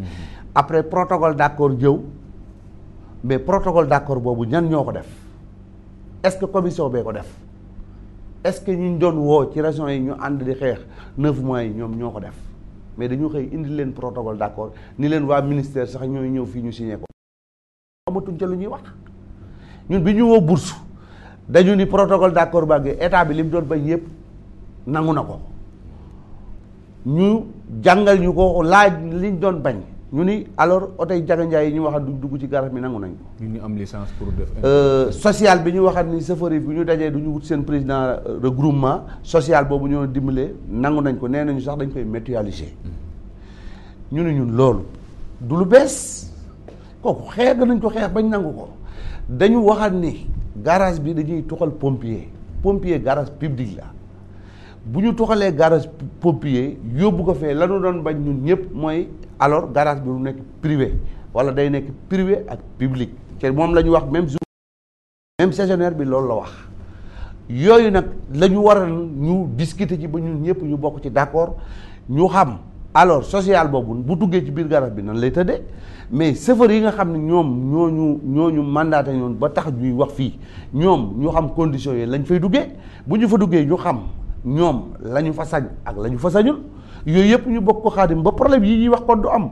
S5: après protocole d'accord jëw mais protocole d'accord boobu ñan ñoo ko def est-ce que commission bee ko def est-ce que ñu doon woo ci régions yi ñu ànd di xeex neuf mois yi ñoom ñoo ko def mais dañu xëy indi leen protocole d'accord ni leen waa ministère sax ñooy ñëw fii ñu signé ko amatuñ ca lu ñuy wax ñun bi ñu woo bourse dañu ni protocole d'accord baa ngi état bi lim doon bañ yépp nangu na ko ñu jàngal ñu ko laaj liñ doon bañ ñu ni alors oto yi Ndiaga Ndiaye yi ñu waxaat du dugg ci garage bi nangu nañ ko. ñu am licence pour def. Euh, social bi ñu waxaat ni chauffeur yi bu ñu dajee du ñu wut seen président euh, regroupement social boobu ñoo dimbalee nangu nañ ko nee nañu sax dañ koy mutualiser. ñu ne ñun loolu du lu bees kooku xeex nañ ko xeex bañ nangu ko dañu waxaat ni garage bi dañuy tuxal pompier pompier garage public la. bu ñu toxalee garage pompier yóbbu ko fee lanu doon bañ ñun ñëpp mooy alors garage bi du nekk privé wala day nekk privé ak public te moom la ñu wax même jour même saisonnière bi loolu la wax yooyu nag lañu ñu waral ñu discuter ci ba ñun ñëpp ñu bokk ci d'accord ñu xam alors social boobu bu duggee ci biir garage bi nan lay tëddee mais chauffeur yi nga xam ne ñoom ñooñu ñooñu mandaté ñoon ba tax ñuy wax fii ñoom ñu xam conditions yi lañ fay duggee bu ñu fa duggee ñu xam ñoom la ñu fa sañ ak la ñu fa sañul yooyu yëpp ñu bokk ko xaadim ba problème yi ñuy wax kon du am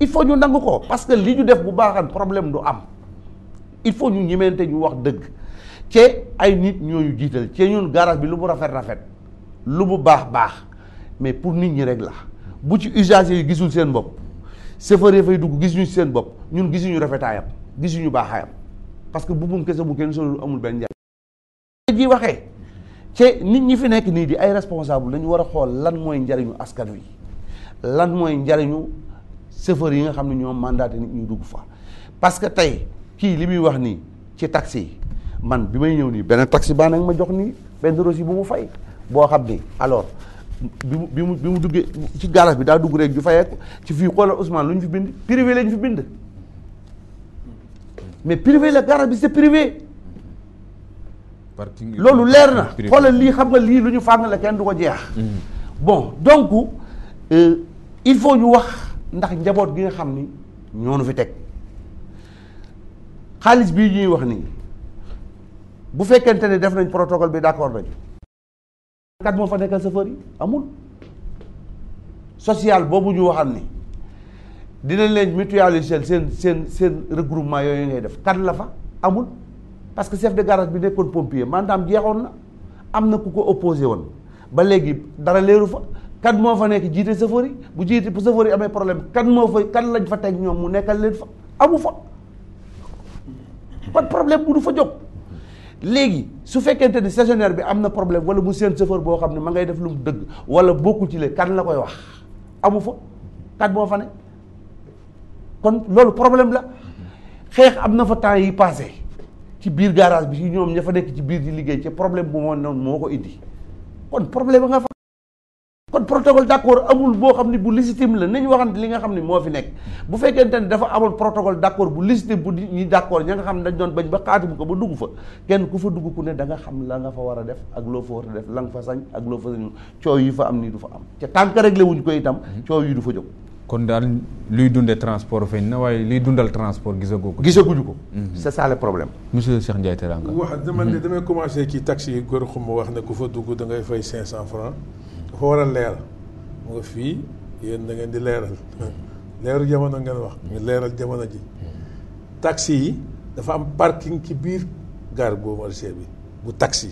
S5: il faut ñu nangu ko parce que li ñu def bu baaxaan problème du am il faut ñu ñemente ñu wax dëgg ci ay nit ñooñu jiital ci ñun garage bi lu mu rafet rafet lu mu baax baax mais pour nit ñi rek la bu ci usager yi gisul seen bopp chauffeur fay dugg gisuñu seen bopp ñun gisuñu rafetaayam gisuñu baaxaayam parce que bu bum kese bu kenn solo amul benn njariñ ji waxee ci nit ñi fi nekk nii di ay responsable dañu war a xool lan mooy njariñu askan wi lan mooy njariñu chauffeur yi nga xam ne ñoom mandaté nit ñu dugg fa parce que tey kii li muy wax nii ci taxi yi man bi may ñëw nii benn taxi baa nag ma jox nii benn reçu bu mu fay boo xam ni alors bi mu bi mu bi mu duggee ci galas bi daa dugg rek ju fayeeku ci fii xoolal Ousmane lu ñu fi bind privé lañu fi bind mais privé la garas bi c'est privé loolu leer na xoolal lii xam nga lii lu ñu fànn la kenn du ko jeex mm-hmm. bon donc euh, il faut ñu wax ndax njaboot gi nga xam ni ñoo nu fi teg xaalis bii ñuy wax nii bu fekkente ne def nañ protocole bi d'accord nañ kat moo fa nekkal chauffeur yi amul social boobu ñu waxal ni dinañ leen mutualiser seen seen seen regroupement yooyu ngay def kan la fa amul parce que chef de garage bi nekkoon pompier maanaam jeexoon na am na ku ko opposé woon ba léegi dara leeru fa kan moo fa nekk jiite chauffeur bu jiite bu chauffeur amee problème kan moo fa kan lañ fa teg ñoom mu leen fa amu fa pas problème bu fa jóg léegi su fekkente ni stationnaire bi am na problème wala mu seen chauffeur boo xam ne ma ngay def lu mu dëgg wala bokkul ci le kan la koy wax amu fa kan moo fa ne kon loolu problème la xeex am na fa temps yi passé ci biir garage bi ci ñoom ña fa nekk ci biir di liggéey ci problème bu moo noonu moo ko indi kon problème nga fa kon protocole d'accord amul boo xam ne bu légitime la nañu waxante li nga xam ne moo fi nekk bu fekkente ne dafa amoon protocole d'accord bu légitime bu ñi d'accord ña nga xam ne dañ doon bañ ba xaatim ko ba dugg fa kenn ku fa dugg ku ne danga nga xam la nga fa war a def ak loo fa war a def la fa sañ ak loo fa sañ coow yi fa am nii du fa am te tànk réglé wuñ ko itam mm-hmm. coow yi du fa jóg
S1: kon daal luy dundee transport feeñ na waaye liy dundal transport gisagoo ko. gisaguñu ko. Mhm. c'est ça le problème. monsieur Cheikh Ndiaye Teranga. wax
S2: dama ne mhm. damay commencé ci taxi yi góor xuma wax ne ku fa dugg da ngay fay 500 francs dafa war a leer mu fii yéen da di leeral leeru jamono ngeen wax. ñu mhm. leeral jamono ji. taxi yi dafa am parking ci biir gare boobu marché bi bu taxi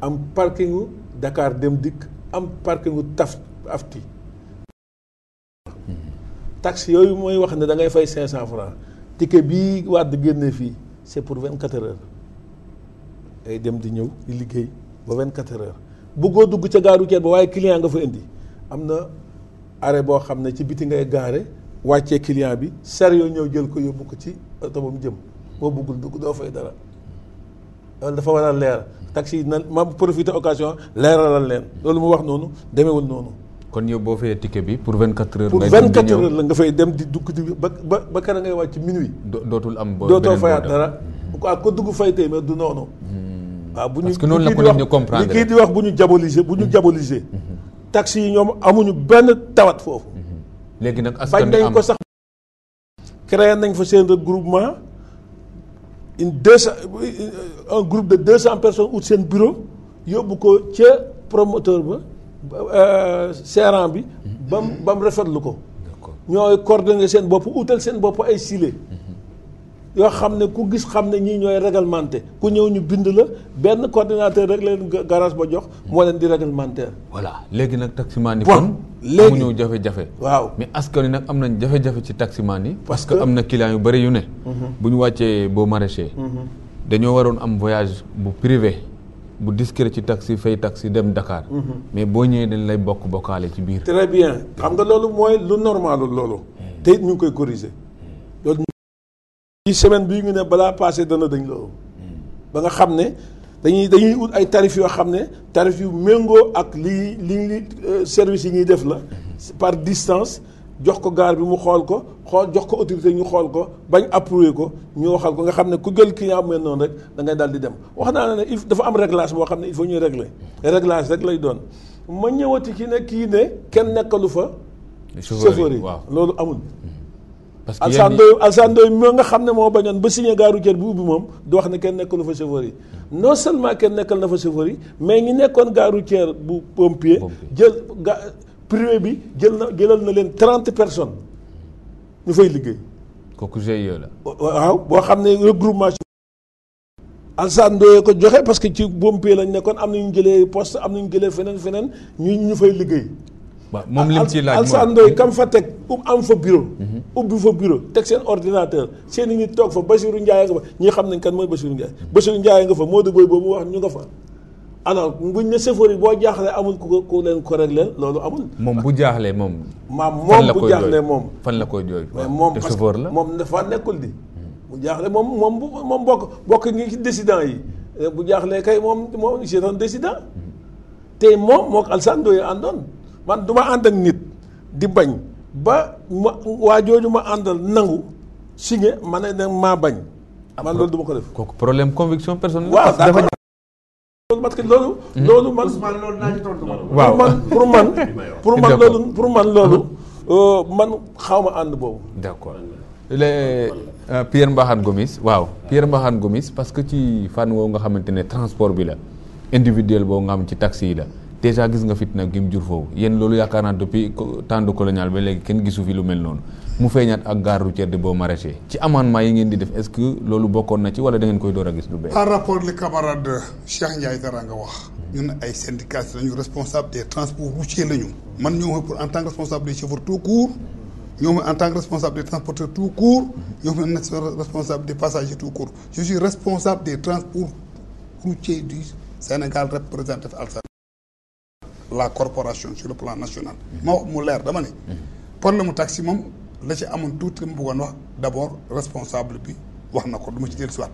S2: am parkingu Dakar dem dikk am parkingu taf afti. taxe yooyu mooy wax ne da ngay fay cinq cent francs ticket bii wàdd génne fii c'est pour vingt quatre heures ay dem di ñëw liggéey ba vingt quatre heures bëggoo dugg ca gaaru ceet ba waaye client nga fa indi am na arrêt boo xam ne ci biti ngay gaare wàccee client bi chariot ñëw jël ko yóbbu ko ci oto ba mu jëm boo bëggul dugg doo fay dara dafa war a leer taxi na ma profité occasion leeralal leen loolu mu wax noonu demewul noonu
S1: kon yow boo fayee bi pour 24 heures. pour 24 heures
S2: la nga fay dem di dugg di ba ba ba keroog ngay wàcc minuit.
S1: dootul am dootoo fayaat
S2: dara. waaw hmm. ko dugg fay téeméer du noonu. Hmm. waaw bu ñu parce noonu la ko ñu comprendre kii di wax bu ñu diaboliser bu ñu hmm. diaboliser. taxi yi ñoom amuñu benn tawat foofu. léegi nag askan wi am bañ ko sax. créé nañ fa seen regroupement une deux cent euh, un groupe de deux cent personnes ut seen bureau yóbbu ko ca promoteur ba. Euh, seeran bi ba mu ba mu rafetlu ko ñooy coordonné seen bopp utal seen bopp ay silé yoo xam ne ku gis xam ne ñii ñooy réglementé ku ñëw ñu bind la benn coordinateur rek leen garage ba jox moo leen di réglementaire voilà
S1: léegi nag taximaan yi kon léegi ñëw jafe-jafe waaw mais aska yi nag am nañ jafe-jafe ci taximaan yi parce que am na client yu bëri yu ne mhm. bu ñu wàccee boo maraîcher mhm. dañoo waroon am voyage bu privé bu discret ci taxi fay taxi dem Dakar. Mhm. mais boo ñëwee dañ lay bokk bokkaale ci biir.
S2: très bien xam nga loolu mooy lu normal loolu. Hmm. te it ñu ngi koy corriger. Hmm. loolu ci semaine bii ñu ne balaa passé dana dañ loolu. Hmm. ba nga xam ne dañuy dañuy ut ay tarif yoo xam ne tarif yu méngoo ak li li euh, service yi ñuy def la par distance. jox ko gaar bi mu xool ko xool jox ko autorité ñu xool ko bañ approuvé ko ñu waxal ko nga xam ne ku jël client bu mel noonu rek da ngay daal di dem wax naa ne ne dafa am réglage boo xam ne il faut ñuy régler réglage rek lay doon ma ñëwati ki ne kii ne kenn nekkalu fa
S1: chauffeur yi
S2: loolu amul mm-hmm. parce que Alassane Ndoye Alassane Ndoye moo nga xam ne moo bañoon ba signé gare routière bu ubbi moom du wax ne kenn nekkalu fa chauffeur yi mm-hmm. non seulement kenn nekkal na fa chauffeur mais ñi nekkoon gare routière bu pompier jël ga privé bi jël na jëlal na leen trente personnes ñu fay liggéey.
S1: kooku GIE la.
S2: waaw boo xam ne regroupement. Alsaan Ndoye ko joxe parce que ci Bompé lañ nekkoon am na ñu jëlee poste am na ñu jëlee feneen feneen ñu ñu fay liggéey. waaw moom lim ci laaj Alsaan Ndoye kam fa teg ub um am fa bureau. Mhm. ubbi fa bureau teg seen ordinateur seen i nit toog fa Basiirou Ndiaye nga fa ñi xam nañ kan mooy Basiirou Ndiaye. Basiirou Ndiaye nga fa Modou Boy boobu wax ñu nga fa. alors buñ ne chauffeur yi boo jaaxlee amul ku ku leen ko réglé loolu amul. moom
S1: bu jaaxlee moom. maam moom bu jaaxlee moom fan la koy jooy mais moom parce que
S2: moom dafa nekkul di. bu jaaxlee moom moom bu moom bokk bokk ngi ci décident yi euh, bu jaaxlee kay moom moom c'est un décident. tey moom moog Alassane Ndoye àndoon man du ma ànd ak nit di bañ ba ma waa jooju ma àndal nangu signé ma maa bañ. man loolu du ko def.
S1: kooku problème conviction personnelle. waaw dafa
S2: parce que loolu. loolu man Ousmane man. waaw pour man loolu pour man loolu mhm. euh, man xaw ànd boobu. d' accord
S1: le euh, Pierre Mbakhane Gomis waaw Pierre Mbakhane Gomis parce que ci fànn woowu nga xamante ne transport bi la individuel boobu nga xam ci taxi yi la. déjà gis nga fitna gi mu jur foofu yéen loolu yaakaar naa depuis temps de colonial ba léegi kenn gisu fi lu mel noonu mu feeñaat ak gare routière de Baux Maraîchers ci amendement yi ngeen di def est-ce que loolu bokkoon na ci wala da koy door a gis lu bees.
S4: par rapport li camarade Cheikh Ndiaye dara nga wax. ñun ay syndicats lañu responsable des transports routiers lañu. man ñoo pour en tant que responsable des chauffeurs tout court. ñoom en tant que responsable des transporteurs tout court. que responsable des passagers tout court. je suis responsable des transports routiers du la corporation sur le plan national. ma wax mu leer dama ne. problème mu taxi moom. la ci amoon tuuti mu bëggoon wax d'abord responsable bi wax na ko du ma ci dellusiwaat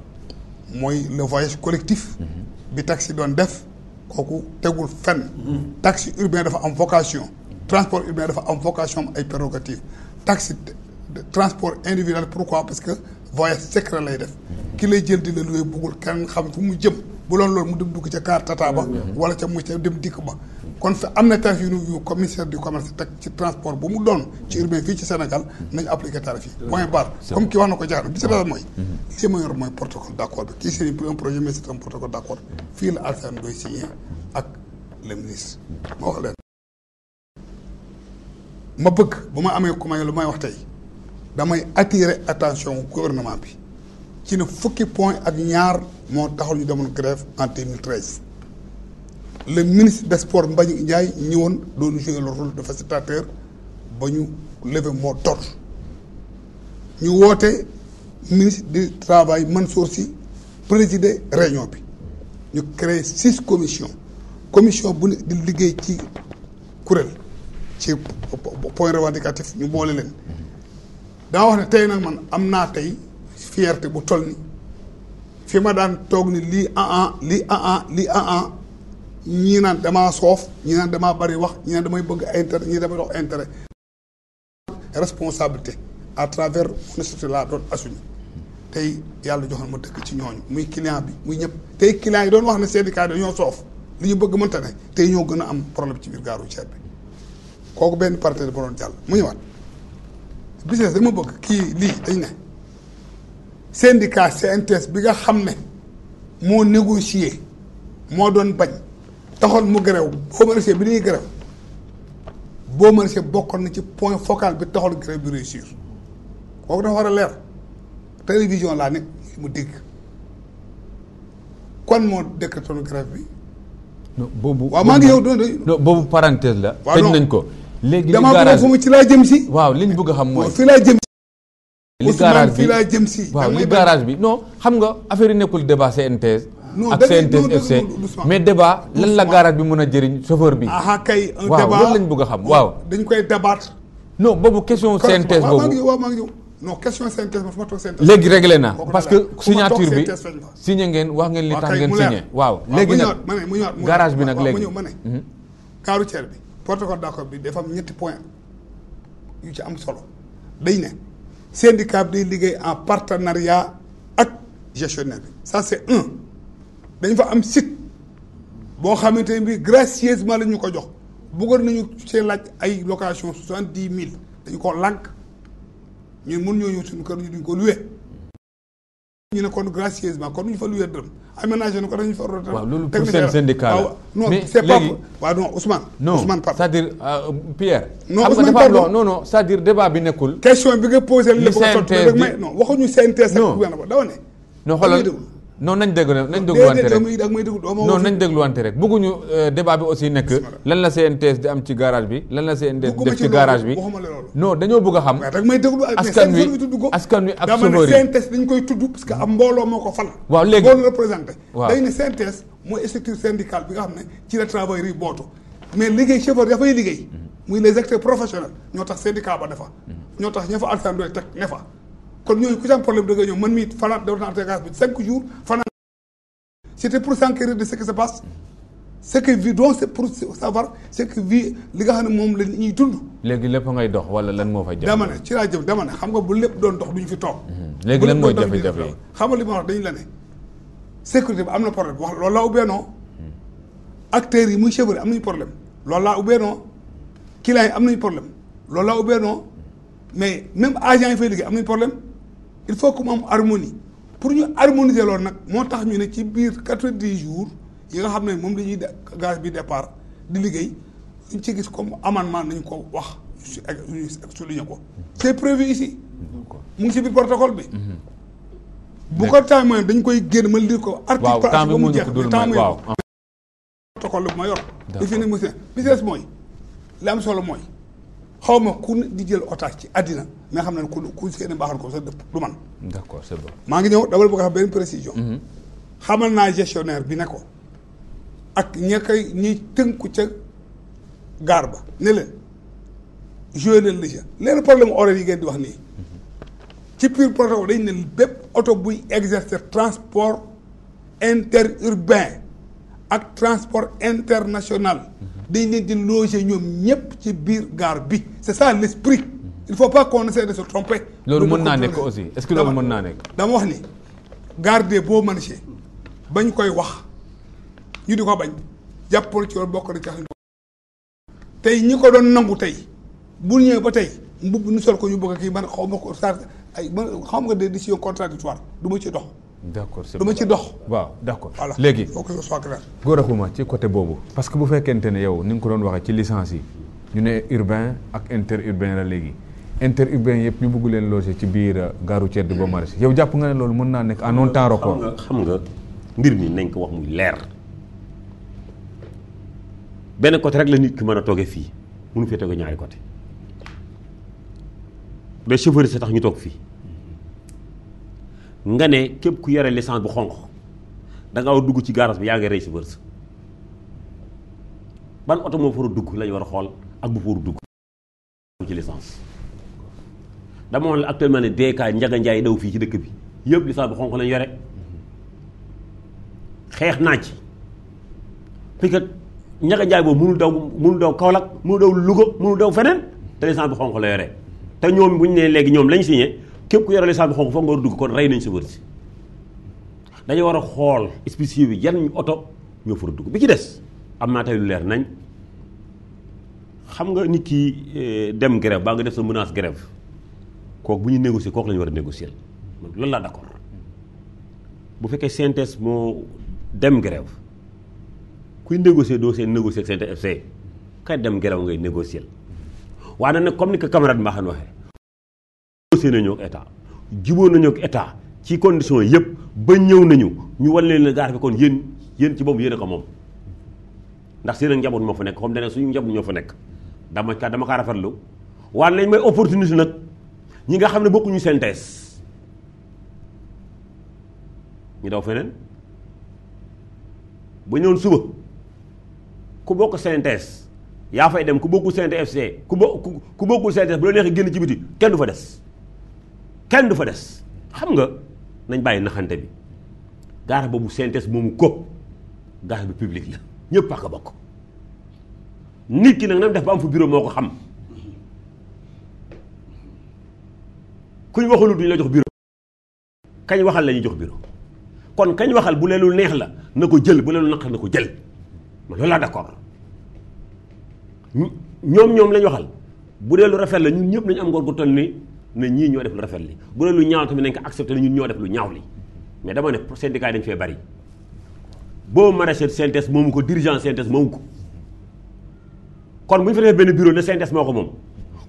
S4: mooy le voyage collectif bi taxi doon def kooku tegul fenn taxi urbain dafa am vocation transport urbain dafa am vocation ay prérogative taxi transport individuel pourquoi parce que voyage secret lay def ki lay jël di la loué buggul kenn xam fu mu jëm bu loolu lool mu dem dugg ca car tata ba mm-hmm. wala ca mu ca dem dikk ba kon fi am na tarif yu yu commissaire du commerce teg ci transport bu mu doon ci urbain fii ci Sénégal nañu appliqué tarif yi point barre comme kii wax na ko jaar di seetal mooy ma mhm. yor mooy protocole d' accord bi kii c'est un projet mais c'est un protocole d' accord fii la Alassane Ndoye signé ak le ministre ma wax leen ma bëgg bu ma amee ku may lu may wax tey damay attirer attention gouvernement bi ci ne fukki point ak ñaar moo taxul ñu demoon grève en 2013 le ministre des sports Mbagnick Ndiaye ñëwoon doon jouer le rôle de facilitateur ba ñu lever mot d'ordre ñu woote ministre du travail Mansour Sy présider réunion bi ñu créer six commissions commission bu ne di liggéey ci kuréel ci point revendicatif ñu boole leen daa wax ne tey nag man am naa tey fierté bu toll ni fi ma daan toog ni lii ah ah lii ah lii ah ñii naan damaa soof ñii naan damaa bari wax ñii damay bëgg intérêt ñii damay dox intérêt responsabilité à travers monisité laa doon assume tey yàlla joxoon ma dëkk ci ñooñu muy client bi muy ñëpp tey client yi doon wax ne syndicat ñoo soof li ñu bëgg mënta ne tey ñoo gën a am problème ci biir gaaru ceeb bi kooku benn partenaire bu doon jàll mu ñëwaat business dama bëgg kii lii dañ ne syndicat CNTS bi nga xam ne moo négocier moo doon bañ taxoon mu grève boo marché bi ñuy grève boo marché bokkoon na ci point focal bi toxol grève bi réussir kooku dafa war a leer télévision laa nekk mu dégg kon moo décrétoon grève bi.
S1: non boobu waaw maa ngi yow doon non boobu parenthèse la. waaw tëj nañ ko. léegi damaa bëgg fu mu ci laa jëm si. waaw li ñu bëgg xam mooy. fi laa jëm si.
S4: li fii laa jëm si. waaw li garage
S1: bi non xam nga affaire yi nekkul débat CNTS. ak CNTS FC mais débat lan la garage bi mën a jëriñ chauffeur bi. ah kay un débat waaw loolu lañ bëgg a xam waaw. dañ koy débattre. non boobu question CNTS
S4: boobu non question CNTS ma toog CNTS. léegi réglé naa parce que signature bi
S1: signé ngeen wax ngeen li tax ngeen signé. waaw léegi nag
S4: garage bi nag léegi. ma ne mhm. kaaru ceer bi protocole d'accord bi dafa am ñetti point yu ci am solo dañ ne syndicat bi day liggéey en partenariat ak gestionnaire bi ça dañu fa am site boo xamante ne bi gracieusement la ñu ko jox bëggoon nañu seen laaj ay location soixante dix mille dañu ko lank ñun mun ñoo ñëw suñu ñu duñ ko loué ñu ne kon kon ñu fa loué dërëm aménagé ko dañu fa rotal waaw loolu pour seen syndicat la ah, non c'est pas waaw non Ousmane non Ousmane euh, Pierre non Ousmane pardon non non cest à bi nekkul question bi nga posé la ko tontu rek may non waxuñu CNTS ak gouvernement dama ne non
S1: noonu nañ dégg nañ dégluwante rek non nañ dégluwante rek bëgguñu euh, débat bi aussi nekk lan la CNTS di am ci garage bi lan la CNTS def ci garage bi
S4: non dañoo bëgg a xam askan wi askan wi ak chauffeur yi CNTS koy tudd parce que am mbooloo moo ko fal waaw léegi boolu représenté waaw dañ ne CNTS mooy structure syndicale bi nga xam ne ci la travailleurs yi bootu mais liggéey chauffeur dafay liggéey mhm. muy les acteurs ñoo tax syndicat ba ne fa mhm. ñoo tax ña fa teg ne kon ñooñu ku ci am problème da nga ñëw man mii fanaan daw cinq jours fanaan c' était pour s'enquérir que vit donc pour savoir ce que vit li nga xam ne moom la ñuy
S1: léegi lépp ngay dox wala lan moo fay. jafe dama
S4: ci laa jëm dama ne xam nga bu lépp doon dox ñu fi toog.
S1: Mhm. léegi lan mooy jafe-jafe
S4: xam nga li ma wax dañu la sécurité bi am na problème wax loolu la ubbee non mhm. acteurs yi muy chevalier am nañu problème loolu laa ubbee non clients yi am nañu problème loolu la ubbee non mais même agent yi fay liggéey am nañu problème. il faut que mu am harmonie pour ñu harmoniser nag moo tax ñu ne ci biir quatre-vingt-dix jours yi nga xam ne moom dañuy gaz bi départ di liggéey ñu ci gis comme amendement nañu ko wax su souligné ko c'est prévu ici mu ngi ci biir protocole bi mhm. bu ko temps moyen dañ koy génn ma lire ko article ba mu jeex temps moyen protocole bi ma yor dafi ne monsieur business mooy li am solo mooy xaw ma ku di jël otage ci àddina mais xam na ne ku ku seen baaxal ko sa dëpp du man. maa ngi ñëw dama bëgg a xam benn précision. Mm-hmm. xamal naa gestionnaire bi ne ko ak ña koy ñi tënku ca gaar ba ne leen joué la ja leen problème horaire yi di wax nii mm-hmm. ci biir protocole dañ ne bépp oto buy exercer transport interurbain ak transport international. Mm-hmm. dañ leen di loger ñoom ñëpp ci biir gaar bi c'est ça l'esprit il faut pas qu'on essaie de se tromper. loolu mën naa nekk aussi
S1: est-ce que loolu mën naa nekk.
S4: dama wax ni garde boo manché bañ koy wax ñu di ko bañ jàpp jàppal ci loolu bokk na ci tey ñi ko doon nangu tey bu ñëwee ba tey mbubb ñu sol ko ñu bëgg kii man xaw ma ko saa ay man xaw ma ko des décisions du ma ci dox. d' accord du ma ci dox. waaw d' accord léegi
S1: góor axuma ci côté boobu. parce que bu fekkente ne yow ni nga ko doon waxee ci licence yi ñu ne urbain ak inter urbain la léegi inter urbain yëpp ñu buggu leen loger ci biir euh, gare routière de Beaumarchais yow jàpp nga ne loolu mën naa nekk en un temps record. xam nga
S3: xam nga mbir mi nañ ko wax muy leer benn côté rek la nit ki mën a toogee fii mënu fee toogee ñaari côté ba chauffeur sa tax ñu toog fii. nga ne képp ku yore licence bu xonq danga war dugg ci garage bi yaa ngi rey si bërs ban oto moo fa dugg la war a xool ak bu fa dugg ci licence dama wax la actuellement ne DK Njaga Njaay daw fii ci dëkk bi yëpp licence bu xonq lañ yore xeex naa ci parce que Njaga Njaay boobu mënul daw mënul daw Kaolack mënul feneen te licence bu xonq la yore te ñoom bu ñu nee léegi ñoom lañ signé képp ku yore licence bu xonk foog nga war a dugg kon rey nañ chauffeur si dañu war a xool spécifique bi yan oto ñoo fara dugg bi ci des am naa tey lu leer nañ xam nga nit ki eh, dem grève baa nga def sa menace grève kooku bu ñu négocier kooku la ñu war a négocier loolu laa d'accord bu fekkee synthèse moo dem grève kuy négocier doo seen négocier ak synthèse FC kay dem grève ngay négocier waaye nag comme ni ko camarade Mbaxane waxee négocié nañu ak état jubóo nañu ak état ci condition yëpp ba ñëw nañu ñu wan leen ne gaar kon yéen yéen ci boobu yéen a moom ndax seen njaboot moo fa nekk comme dana suñu njaboot ñoo fa nekk dama ka dama kaa rafetlu waaye lañ may opportunité nag ñi nga xam ne bokkuñu seen tees ñu daw feneen ba ñëwoon suba ku bokk seen tees yaa fay dem ku bokku seen FC ku bo ku bokkul seen tees bu la neexee génn ci biti kenn du fa des kenn du fa des xam nga nañ bàyyi naxante bi gaara boobu synthèse moomu góob gaara bi public la ñëpp a ko bokk nit ki nag nam def ba am fu bureau moo ko xam kuñ waxalul duñ la jox bureau kañ waxal la jox bureau kon kañ waxal bu lu neex la na ko jël bu leelul naqar na ko jël man loolu laa d'accord ñoom ñoom lañ waxal bu dee lu rafet la ñun ñëpp nañu am ngor gu toll ne ñii ñoo def lu rafet li bu ne lu ñaaw tamit nañ ko accepté ne ñun ñoo def lu ñaaw li mais dama ne syndicat yi dañ fee bari boo maraîcher CNTS moomu ko dirigeant CNTS moomu ko kon bu ñu fa defee benn bureau ne CNTS moo ko moom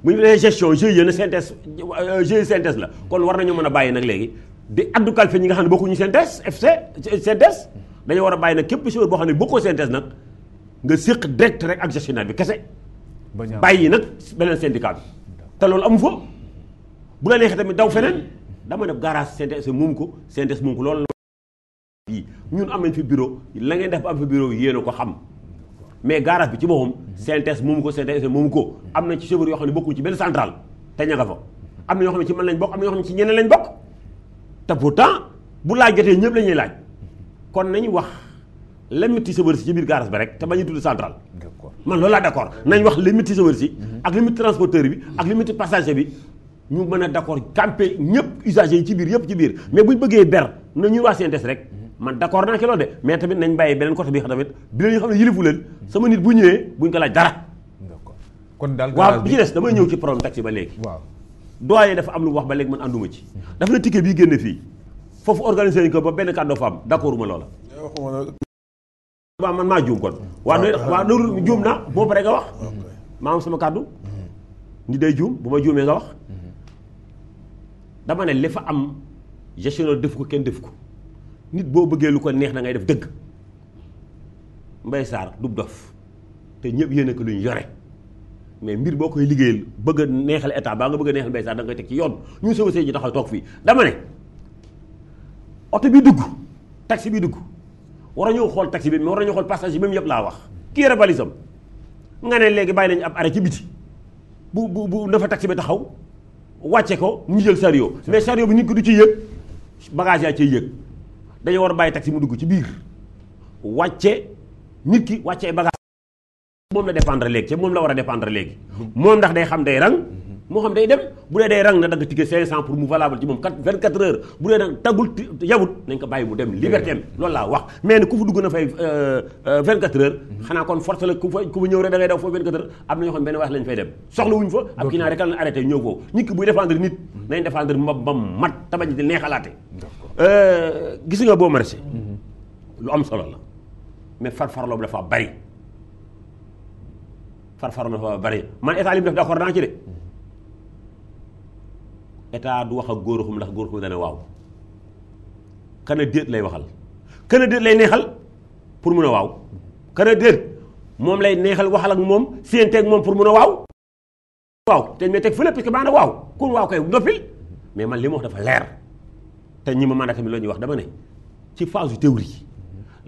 S3: bu ñu fa defee gestion GIE ne CNTS euh, GIE CNTS la kon a bàyyi nag léegi di addu kalfe ñi nga xam ne bokkuñu CNTS FC CNTS dañoo war a bàyyi nag képp chauffeur boo xam ne bokkoo CNTS nag nga séq direct rek ak bi kese bàyyi nag beneen syndicat bi te loolu amu fa bu la neexee tamit daw feneen dama ne garage CNTS moom ko CNTS moom ko loolu la ñun am nañ fi bureau la ngeen def ba am fi bureau yéen a ko xam mais garage bi ci boppam CNTS moom ko CNTS moom ko am na ci chauffeur yoo xam ne bokkuñ ci benn centrale te ña nga fa am na ñoo xam ne ci man lañ bokk am na ñoo xam ne ci ñeneen lañ bokk te pourtant bu laaj jotee ñëpp la ñuy laaj kon nañu wax la métti chauffeur si ci biir garage bi rek te bañu tudd centrale man loolu laa d'accord nañ wax la métti chauffeur si ak la transporteur bi ak la passage passager bi ñu mën a d'accord campé ñëpp usagers yi ci biir yëpp ci biir mais bu ñu bëggee ber na ñuy waa CNTS rek man d'accord naa ci de mais tamit nañ bàyyi beneen côté bi nga tamit bi leen xam ne yilifu leen sama nit bu ñëwee buñ ko laaj dara. d'accord kon daal waaw bi ci des damay ñëw ci problème taxi ba léegi. waaw doyen dafa am lu wax ba léegi man ànduma ci. dafa na ticket bii génne fii foofu organisé nañu ko ba benn kàddu fa am d'accord ma loola. waaw man maa juum kon. waaw waaw loolu juum na boo paree nga wax. maa am sama kàddu. Mm-hmm. ni day juum bu ma juumee nga wax. dama ne li fa am gestionnaire def ko kenn def ko nit boo bëggee lu ko neex da ngay def dëgg Mbaye Sarr du dof te ñëpp yéen a ko lu ñu yore mais mbir boo koy liggéeyal bëgg a neexal état baa nga bëgg a neexal Mbaye Sarr da nga teg ci yoon ñu ñun soo ji taxaw toog fii dama ne oto bi dugg taxi bi dugg war a ñëw xool taxi bi mais war a ñëw xool passager bi yëpp laa wax. kii yore valisam nga ne léegi bàyyi nañu ab arrêt ci biti bu bu bu dafa taxi bi taxaw. wàcce ko ñu jël chariot mais chariot bi nit ko du ci yëg bagage yaa ciy yëg dañoo war a bàyyi taxi mu dugg ci biir wàcce nit ki wàccee ay bagage moom la dépendre léegi ci moom la war a dépendre léegi hmm. moom ndax day xam day rang moo xam day dem bu dee day rang na dagg ticket 500 pour mu valable ci moom 4 24 heures bu dee nag tagul yabut nañ ko bàyyi mu dem liberté am loolu laa wax mais ne ku fa dugg na fay 24 euh, euh, heures xanaa kon force la ku fa ñëw rek da ngay daw foofu 24 heures am na ñoo xam benn wax lañ fay dem soxla wuñ fa ab kii naa rek lañ arrêté ñëw foofu nit nañ défendre ma ba mat tabañ di neexalaate euh, gis nga boo marché lu am solo la mais farfarloo bi dafa bari farfarloo bi dafa bari man état libre def d'accord naa état du wax ak góor xum ndax góor xum dana waaw kana déet lay waxal kana déet lay neexal pour mun a waaw kana déet moom lay neexal waxal ak moom teg moom pour mun a waaw waaw te ñu may fu fële parce que maanaam waaw kun waaw kay noppil mais man li ma wax dafa leer te ñi ma mën a tamit la ñuy wax dama ne ci phase théorie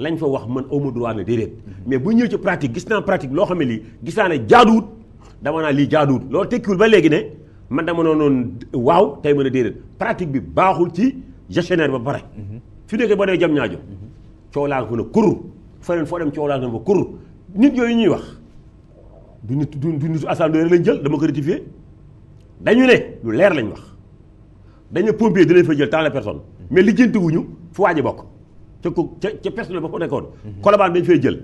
S3: lañ fa wax man awma droit ne déedéet mais bu ñëw ci pratique gis naa pratique loo xam ne lii gis naa ne jaaduwut dama naa lii jaaduwut loolu ba léegi ne man dama noonu waaw tey mën a déedéet pratique bi baaxul ci gestionnaire ba pare. fi nekkee boo dee jam ñaajo coow laa nga fa kur feneen foo dem coow laa nga fa kur nit yooyu ñuy wax du nit du du nitu assemblée jël dama kër a rectifier dañu ne lu leer lañ wax dañu ne pompier dinañ fa jël tant la personne mais lijjanti wuñu fu waaj bokk ca ko ca ca personnel ba ko nekkoon. Mhm. Colobane dañ fay jël.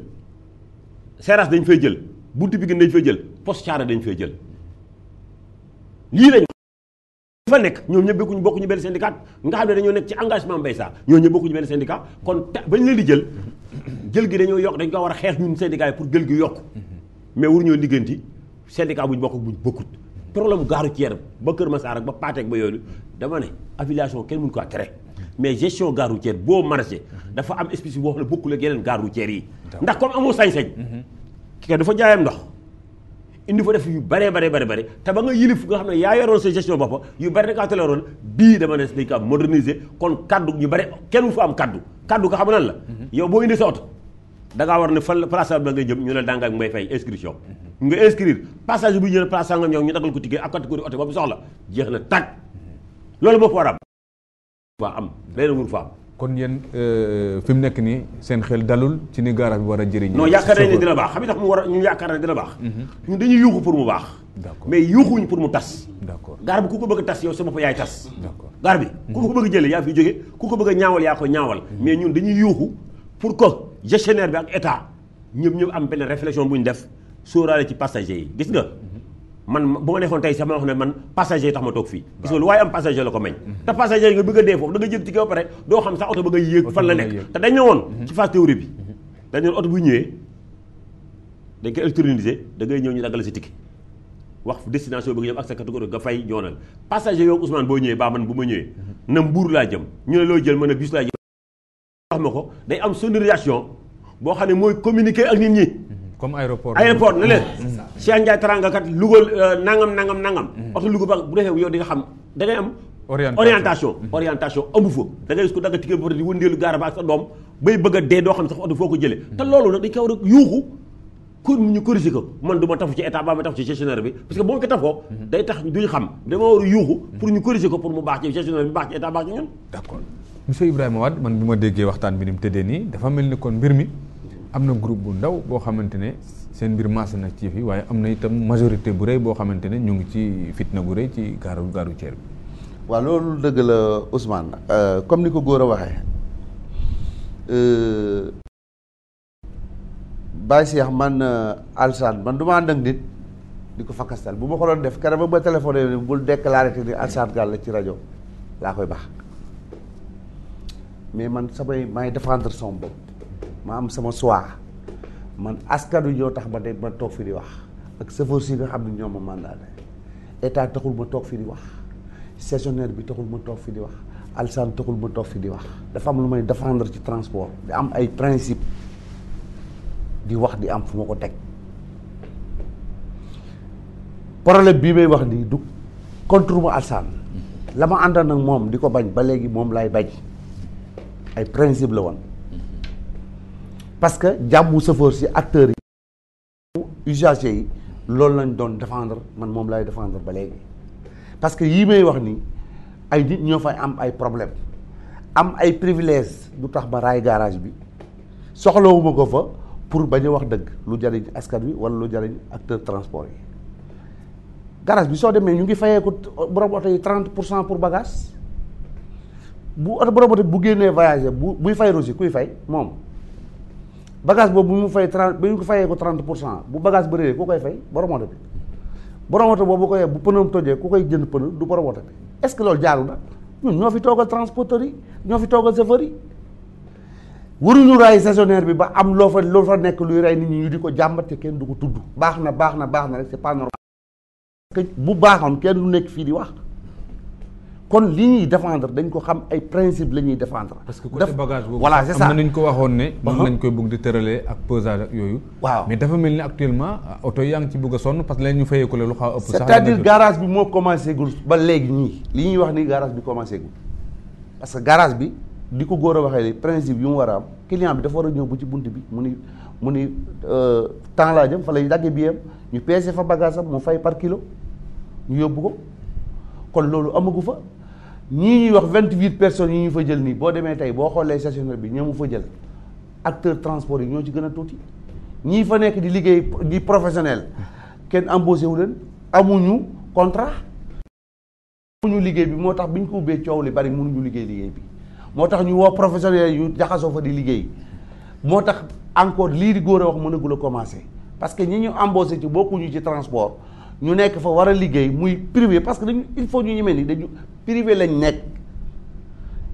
S3: Seras dañ fay jël buntu bi gën dañ fay jël post dañ fay jël. lii lañ fa nekk ñoom ñëpp bokkuñu ñu benn syndicat nga xam ne dañoo nekk ci engagement mbay sax ñoo ñëpp bokkuñu benn syndicat kon bañ leen di jël jël gi dañoo yokk dañ ko war a xeex ñun syndicat yi pour jël gi yokk mais ñoo ligganti syndicat buñ bokk buñ bokkut problème gaaru ceer ba Kër Massar ak ba Patek ba yooyu dama ne affiliation kenn mënu ko tere mais gestion gaaru routière boo marché dafa am espèce boo xam ne bokkul ak yeneen gare routière yi ndax comme amoo sañ-sañ kii dafa jaayam ndox indi fa def yu bare bare bare bare te ba nga yilif nga xam ne yaa yoroon sa gestion boppa yu bare da kaa yoroon bii dama ne dañ ko am moderniser kon kaddu ñu bare kenn wu fa am kaddu kaddu ko xam nan la mhm. yow boo indi sa oto da ngaa war ne fan place ba nga jëm ñu ne danga ak may fay inscription mhm. nga inscrire passage bu ñëw place sangam yow ñu dagal ko tiggéey ak catégorie oto ba mu soxla jeex na tag mhm. loolu moo fa war a am waaw am leneen wur fa
S1: kon yéen euh, fi nekk nii seen xel dalul ci ni garage bi war a jëriñ. non yaakaar nañ ne dina
S3: baax xam nga tax mu war a ñu yaakaar ne dina baax. ñun dañuy yuuxu pour mu baax. d'accord mais yuuxuñu pour mu tas. d'accord bi ku ko bëgg a tas yow sa bopp yaay tas. d'accord bi ku ko bëgg a jëlee yaa fi jóge ku ko bëgg a ñaawal yaa ko ñaawal. Mhm. mais ñun dañuy yuuxu pour ko gestionnaire bi ak état ñëpp ñëpp am benn réflexion bu ñu def sóoraale ci passager yi gis nga. man bu ma neexoon tey sax ma wax ne man passager tax ma toog fii gis nga waaye am passager la ko meñ mhm. te passager nga bëgg a nga jël a yéeg fan la nekk te dañ ne woon mhm. ci phase théorie bi mhm. dañ ne da ngay ñëw ñu daggal sa ticket wax destination bi nga jëm ak sa catégorie nga fay ñoonal passager yow Ousmane boo ñëwee baa man bu ma ñëwee na mbuur laa jëm ñu looy jël mën a bis laa jëm ma ko day am sonorisation boo xam ne mooy communiquer ak nit ñi
S1: comme aéroport aéroport ne leen. Mm.
S3: Cheikh Ndiaye Taranga kat Louga euh, nangam nangam nangam. Mm. am. orientation mm. orientation amu fa da ngay gis ko dagg ticket ba di wëndeelu gaara ba ak sa doom bay bëgg a dee doo xam sax oto foo ko jëlee te loolu nag dañ ko war a yuuxu kon ñu corrigé ko man du tafu ci état ba ma tafu ci gestionnaire bi parce que boo ko tafoo mm-hmm. day tax duñ xam dama war yuuxu pour ñu corrigé ko pour mu baax ci gestionnaire bi baax ci état baax
S1: ma déggee waxtaan bi ni mu tëddee nii dafa mel ni kon mbir mi am na groupe bu ndaw boo xamante ne seen mbir maas na ci fi waaye am na itam majorité bu rëy boo xamante ne ñu
S5: ngi ci fitna bu rëy ci gaaru gaaru ceer bi. waaw loolu dëgg la Ousmane euh, comme ni ko góor a waxee. Euh, Baye Cheikh man euh, Alsaan man du ma ànd ak nit di ko fakkastal bu ma ko doon def keroog ba téléphoné ni bul déclaré te ni Alsaan Gall la ci rajo laa koy baax mais man samay maay défendre son bopp. ma am sama choix man askan wi ñoo tax ma de ma toog fi di wax ak chauffeur si nga xam ne ñoo ma mandaté état taxul ma toog fi di wax saisonnière bi taxul ma toog fi di wax alsan taxul ma toog fi di wax dafa am lu may défendre ci transport di am ay principe di wax di am fu ma ko teg problème bii may wax nii du contre ma alsan la ma àndoon ak moom di ko bañ ba léegi moom laay bañ ay principe la woon parce que jàmmu chauffeur si acteurs yi usagers yi loolu lañ doon défendre man moom laay défendre ba léegi parce que yii may wax nii ay nit ñoo fay am ay problème am ay privilège du tax ba raay garage bi soxlawuma ko fa pour bañ a wax dëgg lu jariñ askan wi wala lu jariñ acteur transport yi garage bi soo demee ñu ngi fayee ko borom oto yi trente pour cent pour bagage bu oto borom bu génnee voyager bu buy fay rosi kuy fay moom bagage boobu bu mu fay trente bu ñu ko fayee ko trente pour cent bu bagage ba réeree ku koy fay borom bi borom oto boobu bu koy bu pneu tojee ku koy jën pneu du borom oto bi est-ce que loolu jaarul na ñun ñoo fi toogal transporteurs ñoo fi toogal chauffeurs yi waruñu raay bi ba am loo fa loolu fa nekk luy rey nit ñi ñu di ko jàmbat kenn du ko tudd baax na baax na baax na rek c'est pas normal. bu baaxoon kenn du nekk fii di wax. kon li ñuy défendre dañ ko xam ay principe la ñuy défendre. parce que côté bagage boobu voilà c'est ça am na
S1: ñu ko waxoon ne. moom uh-huh. lañ koy bëgg di tëralee ak pesage yooyu. waaw mais dafa mel ni actuellement oto yaa ngi ci bëgg sonn parce que leen ñu fayee ko la lu xaw a ëpp. sax cest
S5: à bi moo commencé gul ba léegi ñii. li ñuy wax ni garage bi commencé gul parce que garage bi di ko góor a waxee les principe yu mu war a am client bi dafa war a ñëw bu ci bunt bi mu ni mu ni euh, temps laa jëm fa lay daggee bi ñu peese fa bagage am mu fay par kilo ñu yóbbu ko loolu amagu fa. ñii ñuy wax vingt huit personnes yi ñu fa jël nii boo demee tey boo xoolee stationnaire bi ñoomu mu fa jël acteur transport yi ñoo ci gën a tuuti ñii fa nekk di liggéey di professionnel kenn embauché wu leen ñu contrat. amuñu liggéey bi moo tax bi ko ubbee coow li bari mënuñu liggéey liggéey bi moo tax ñu woo professionnel yu jaxasoo fa di liggéey moo tax encore lii di góor a wax mënagul a commencé parce que ñi ñu embauché ci bokkuñu ci transport. ñu nekk fa war a liggéey muy privé parce que dañu il faut ñu ñemee nii dañu privé lañ nekk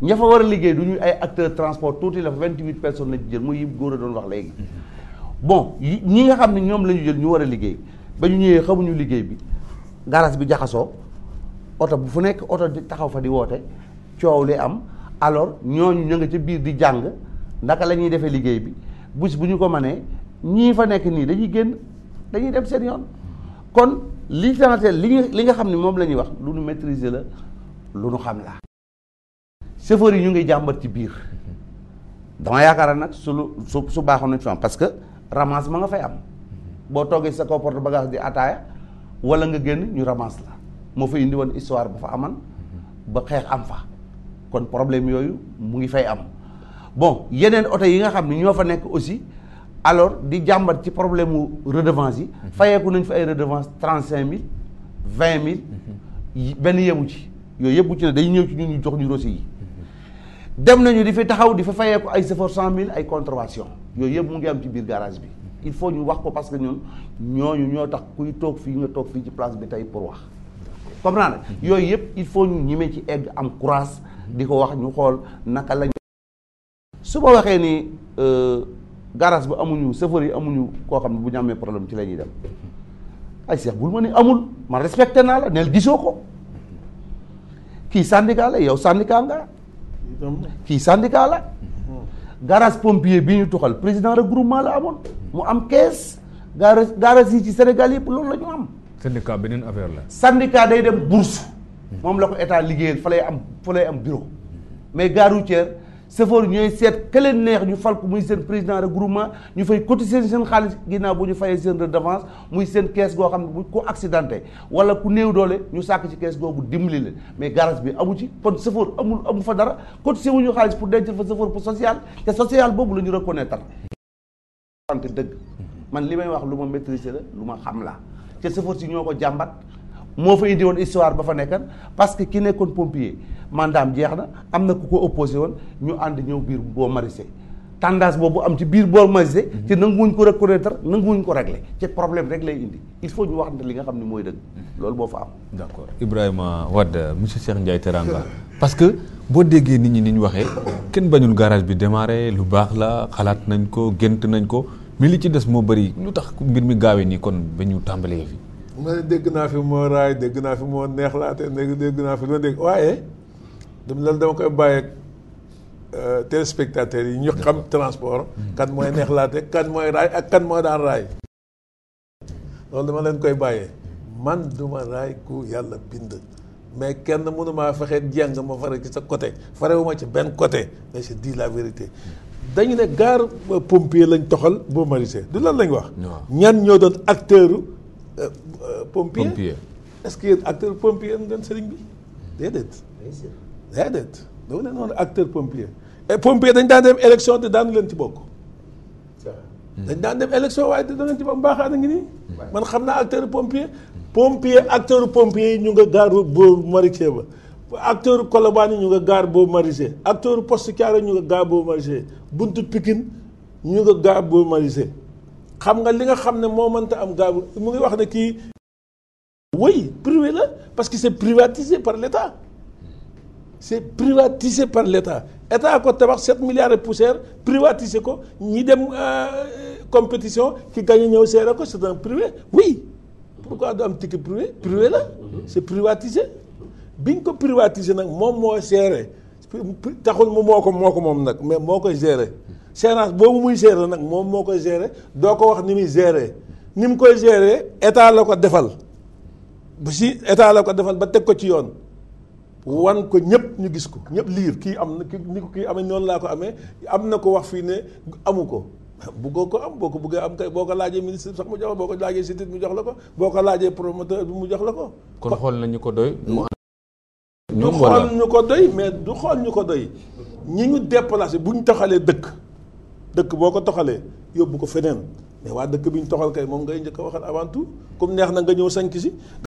S5: ña fa war a liggéey du ñu ay acteur transport tuuti la fa vingt huit personnes lañ jël muy góor a doon wax léegi bon ñi nga xam ne ñoom la ñu jël ñu war a liggéey ba ñu ñëwee xamuñu liggéey bi garage bi jaxasoo oto bu fu nekk oto taxaw fa di woote coow li am alors ñoo ñu nga ca biir di jàng naka la ñuy defee liggéey bi bus bu ñu ko mënee ñii fa nekk nii dañuy génn dañuy dem seen yoon kon li tenteel li li nga xam ne moom la ñuy wax lu nu maîtriser la lu nu xam la chauffeurs yi ñu ngi jàmbat ci biir dama yaakaar nag su lu su su baaxoon nañ fi am parce que ramasse ma nga fay am boo toogee sa kaw porte bagage di ataaya wala nga génn ñu ramasse la moo fa indi woon histoire ba fa aman ba xeex am fa kon problème yooyu mu ngi fay am bon yeneen oto yi nga xam ne ñoo fa nekk aussi alors di jàmbat ci problème mu redevance yi fayeeku nañ fi ay redevance trente cinq mille vingt mille benn yemu ci yooyu yëpp bu ci ne day ñëw ci ñun ñu jox ñu rosi yi dem nañu di fi taxaw di fa fayeeku ay safar cent mille ay contravention yooyu yëpp mu ngi am ci biir garage bi il faut ñu wax ko parce que ñun ñooñu ñoo tax kuy toog fii nga toog fii ci place bi tey pour wax comprendre yooyu yëpp il faut ñu ñime ci egg am courage di ko wax ñu xool naka lañ waxee ni euh, garage bu amuñu chauffeur yi amuñu koo xam ne bu ñu amee problème ci la ñuy dem ay seex bul ma ni amul man respecté naa la neel gisoo ko kii syndicat la yow syndicat nga kii syndicat la garage pompier bi ñu tuxal président rek groupement la amoon mu am kees garage garage yi ci Sénégal yëpp loolu la ñu am.
S1: syndicat beneen affaire la.
S5: syndicat day dem bourse moom la ko état liggéeyal fa lay am fa lay am bureau mais gare routière sëfoor ñooy seet ka leen neex ñu fal ko muy seen président regroupement ñu fay cotiser seen xaalis ginnaaw bu ñu fayee de redevance muy seen kees goo xam ne bu ko accidenté wala ku néew doole ñu sàkk ci kees googu dimbali leen mais garage bi amu ci kon sëfoor amul amu fa dara cotiser wuñu xaalis pour denc fa sëfoor pour social te social boobu la ñu reconnaître dëgg man li may wax lu ma maîtriser la lu ma xam la te sëfoor si ñoo ko jàmbat moo fa indi woon histoire ba fa nekkan parce que ki nekkoon pompier mandaam jeex na am na ku ko opposé woon ñu ànd ñëw biir boo marisé tendance boobu am ci biir boo marisé ci mhm. nanguwuñ ko reconnaître nanguwuñ ko régler ci problème rek lay indi il faut ñu wax ne li nga xam ne mooy dëgg mhm. loolu boo fa am
S1: d' accord Ibrahima Wade monsieur Cheikh Ndiaye Teranga parce que boo déggee nit ñi ni ñu waxee kenn bañul garage bi démarré lu baax la xalaat nañ ko gént nañ ko mais li ci des moo bëri lu tax mbir mi gaawee nii kon ba ñu tàmbalee fi
S2: mu ne dégg naa fi moo raay dégg naa fi moo neex laate dégg naa fi lu dégg waaye dem la dama koy bàyyeeg euh, téléspectateurs yi ñu xam transport kan mooy neex laate kan mooy raay ak kan mooy daan raay loolu dama leen koy bàyyee man duma raay ku yàlla bind mais kenn mënu maa fexe jàng ma fare ci sa côté farewuma ci benn côté mais je dis la vérité dañu ne gaar pompier lañ toxal boo marisé du lan lañ wax ñan ñoo doon acteur Eh, eh, pompier pompier est-ce que acteur pompier am ngeen sëriñ bi déedéet. déedéet dama leen noonu acteur pompier et pompier dañ daan dem élection te daanu leen ci bokk. dañ daan dem élection waaye te daanu leen ci bokk mbaaxaan a ngi nii. man xam naa acteur pompier. pompier acteur pompier ñu nga gaaru boobu maraîcher ba. acteur Colobane yi ñu nga gaar boobu maraîcher acteur poste Thiaroye ñu nga gaar boobu maraîcher buntu Pikine ñu nga gaar boobu maraîcher. xam nga li nga xam ne moo mënta am gaaw mu ngi wax ne kii wëy privé la parce que c'est privatisé par l'État c'est privatisé par l'État État ko tabax 7 milliards de poussière privatisé ko ñi dem euh, compétition ki gañe ñëw seere ko c'est un privé oui pourquoi du am ticket privé privé la c'est privatisé biñ ko privatisé nag moom moo seere taxul mu moo ko moo ko moom nag mais moo koy gérer gérance boobu muy gérer nag moom moo koy gérer doo ko wax ni muy gérer ni mu koy gérer état la ko defal bu si état la ko defal ba teg ko ci yoon wan ko ñëpp ñu gis ko ñëpp liir kii am na ni ko kii amee noonu laa ko amee am na ko wax fii ne amu ko buggoo ko am boo ko buggee am kay boo ko laajee ministre sax mu jox boo ko laajee sitit mu jox la ko boo ko laajee promoteur bi mu jox la ko.
S1: kon xool ñu ko doy. du xool
S2: ñu ko doy mais du xool ñu ko doy ñi ñu déplacé bu ñu taxalee dëkk. dëkk boo ko toxalee yóbbu ko feneen mais waa dëkk bi ñu toxal kay moom ngay njëkk a waxal avant comme neex na nga ñëw sanc si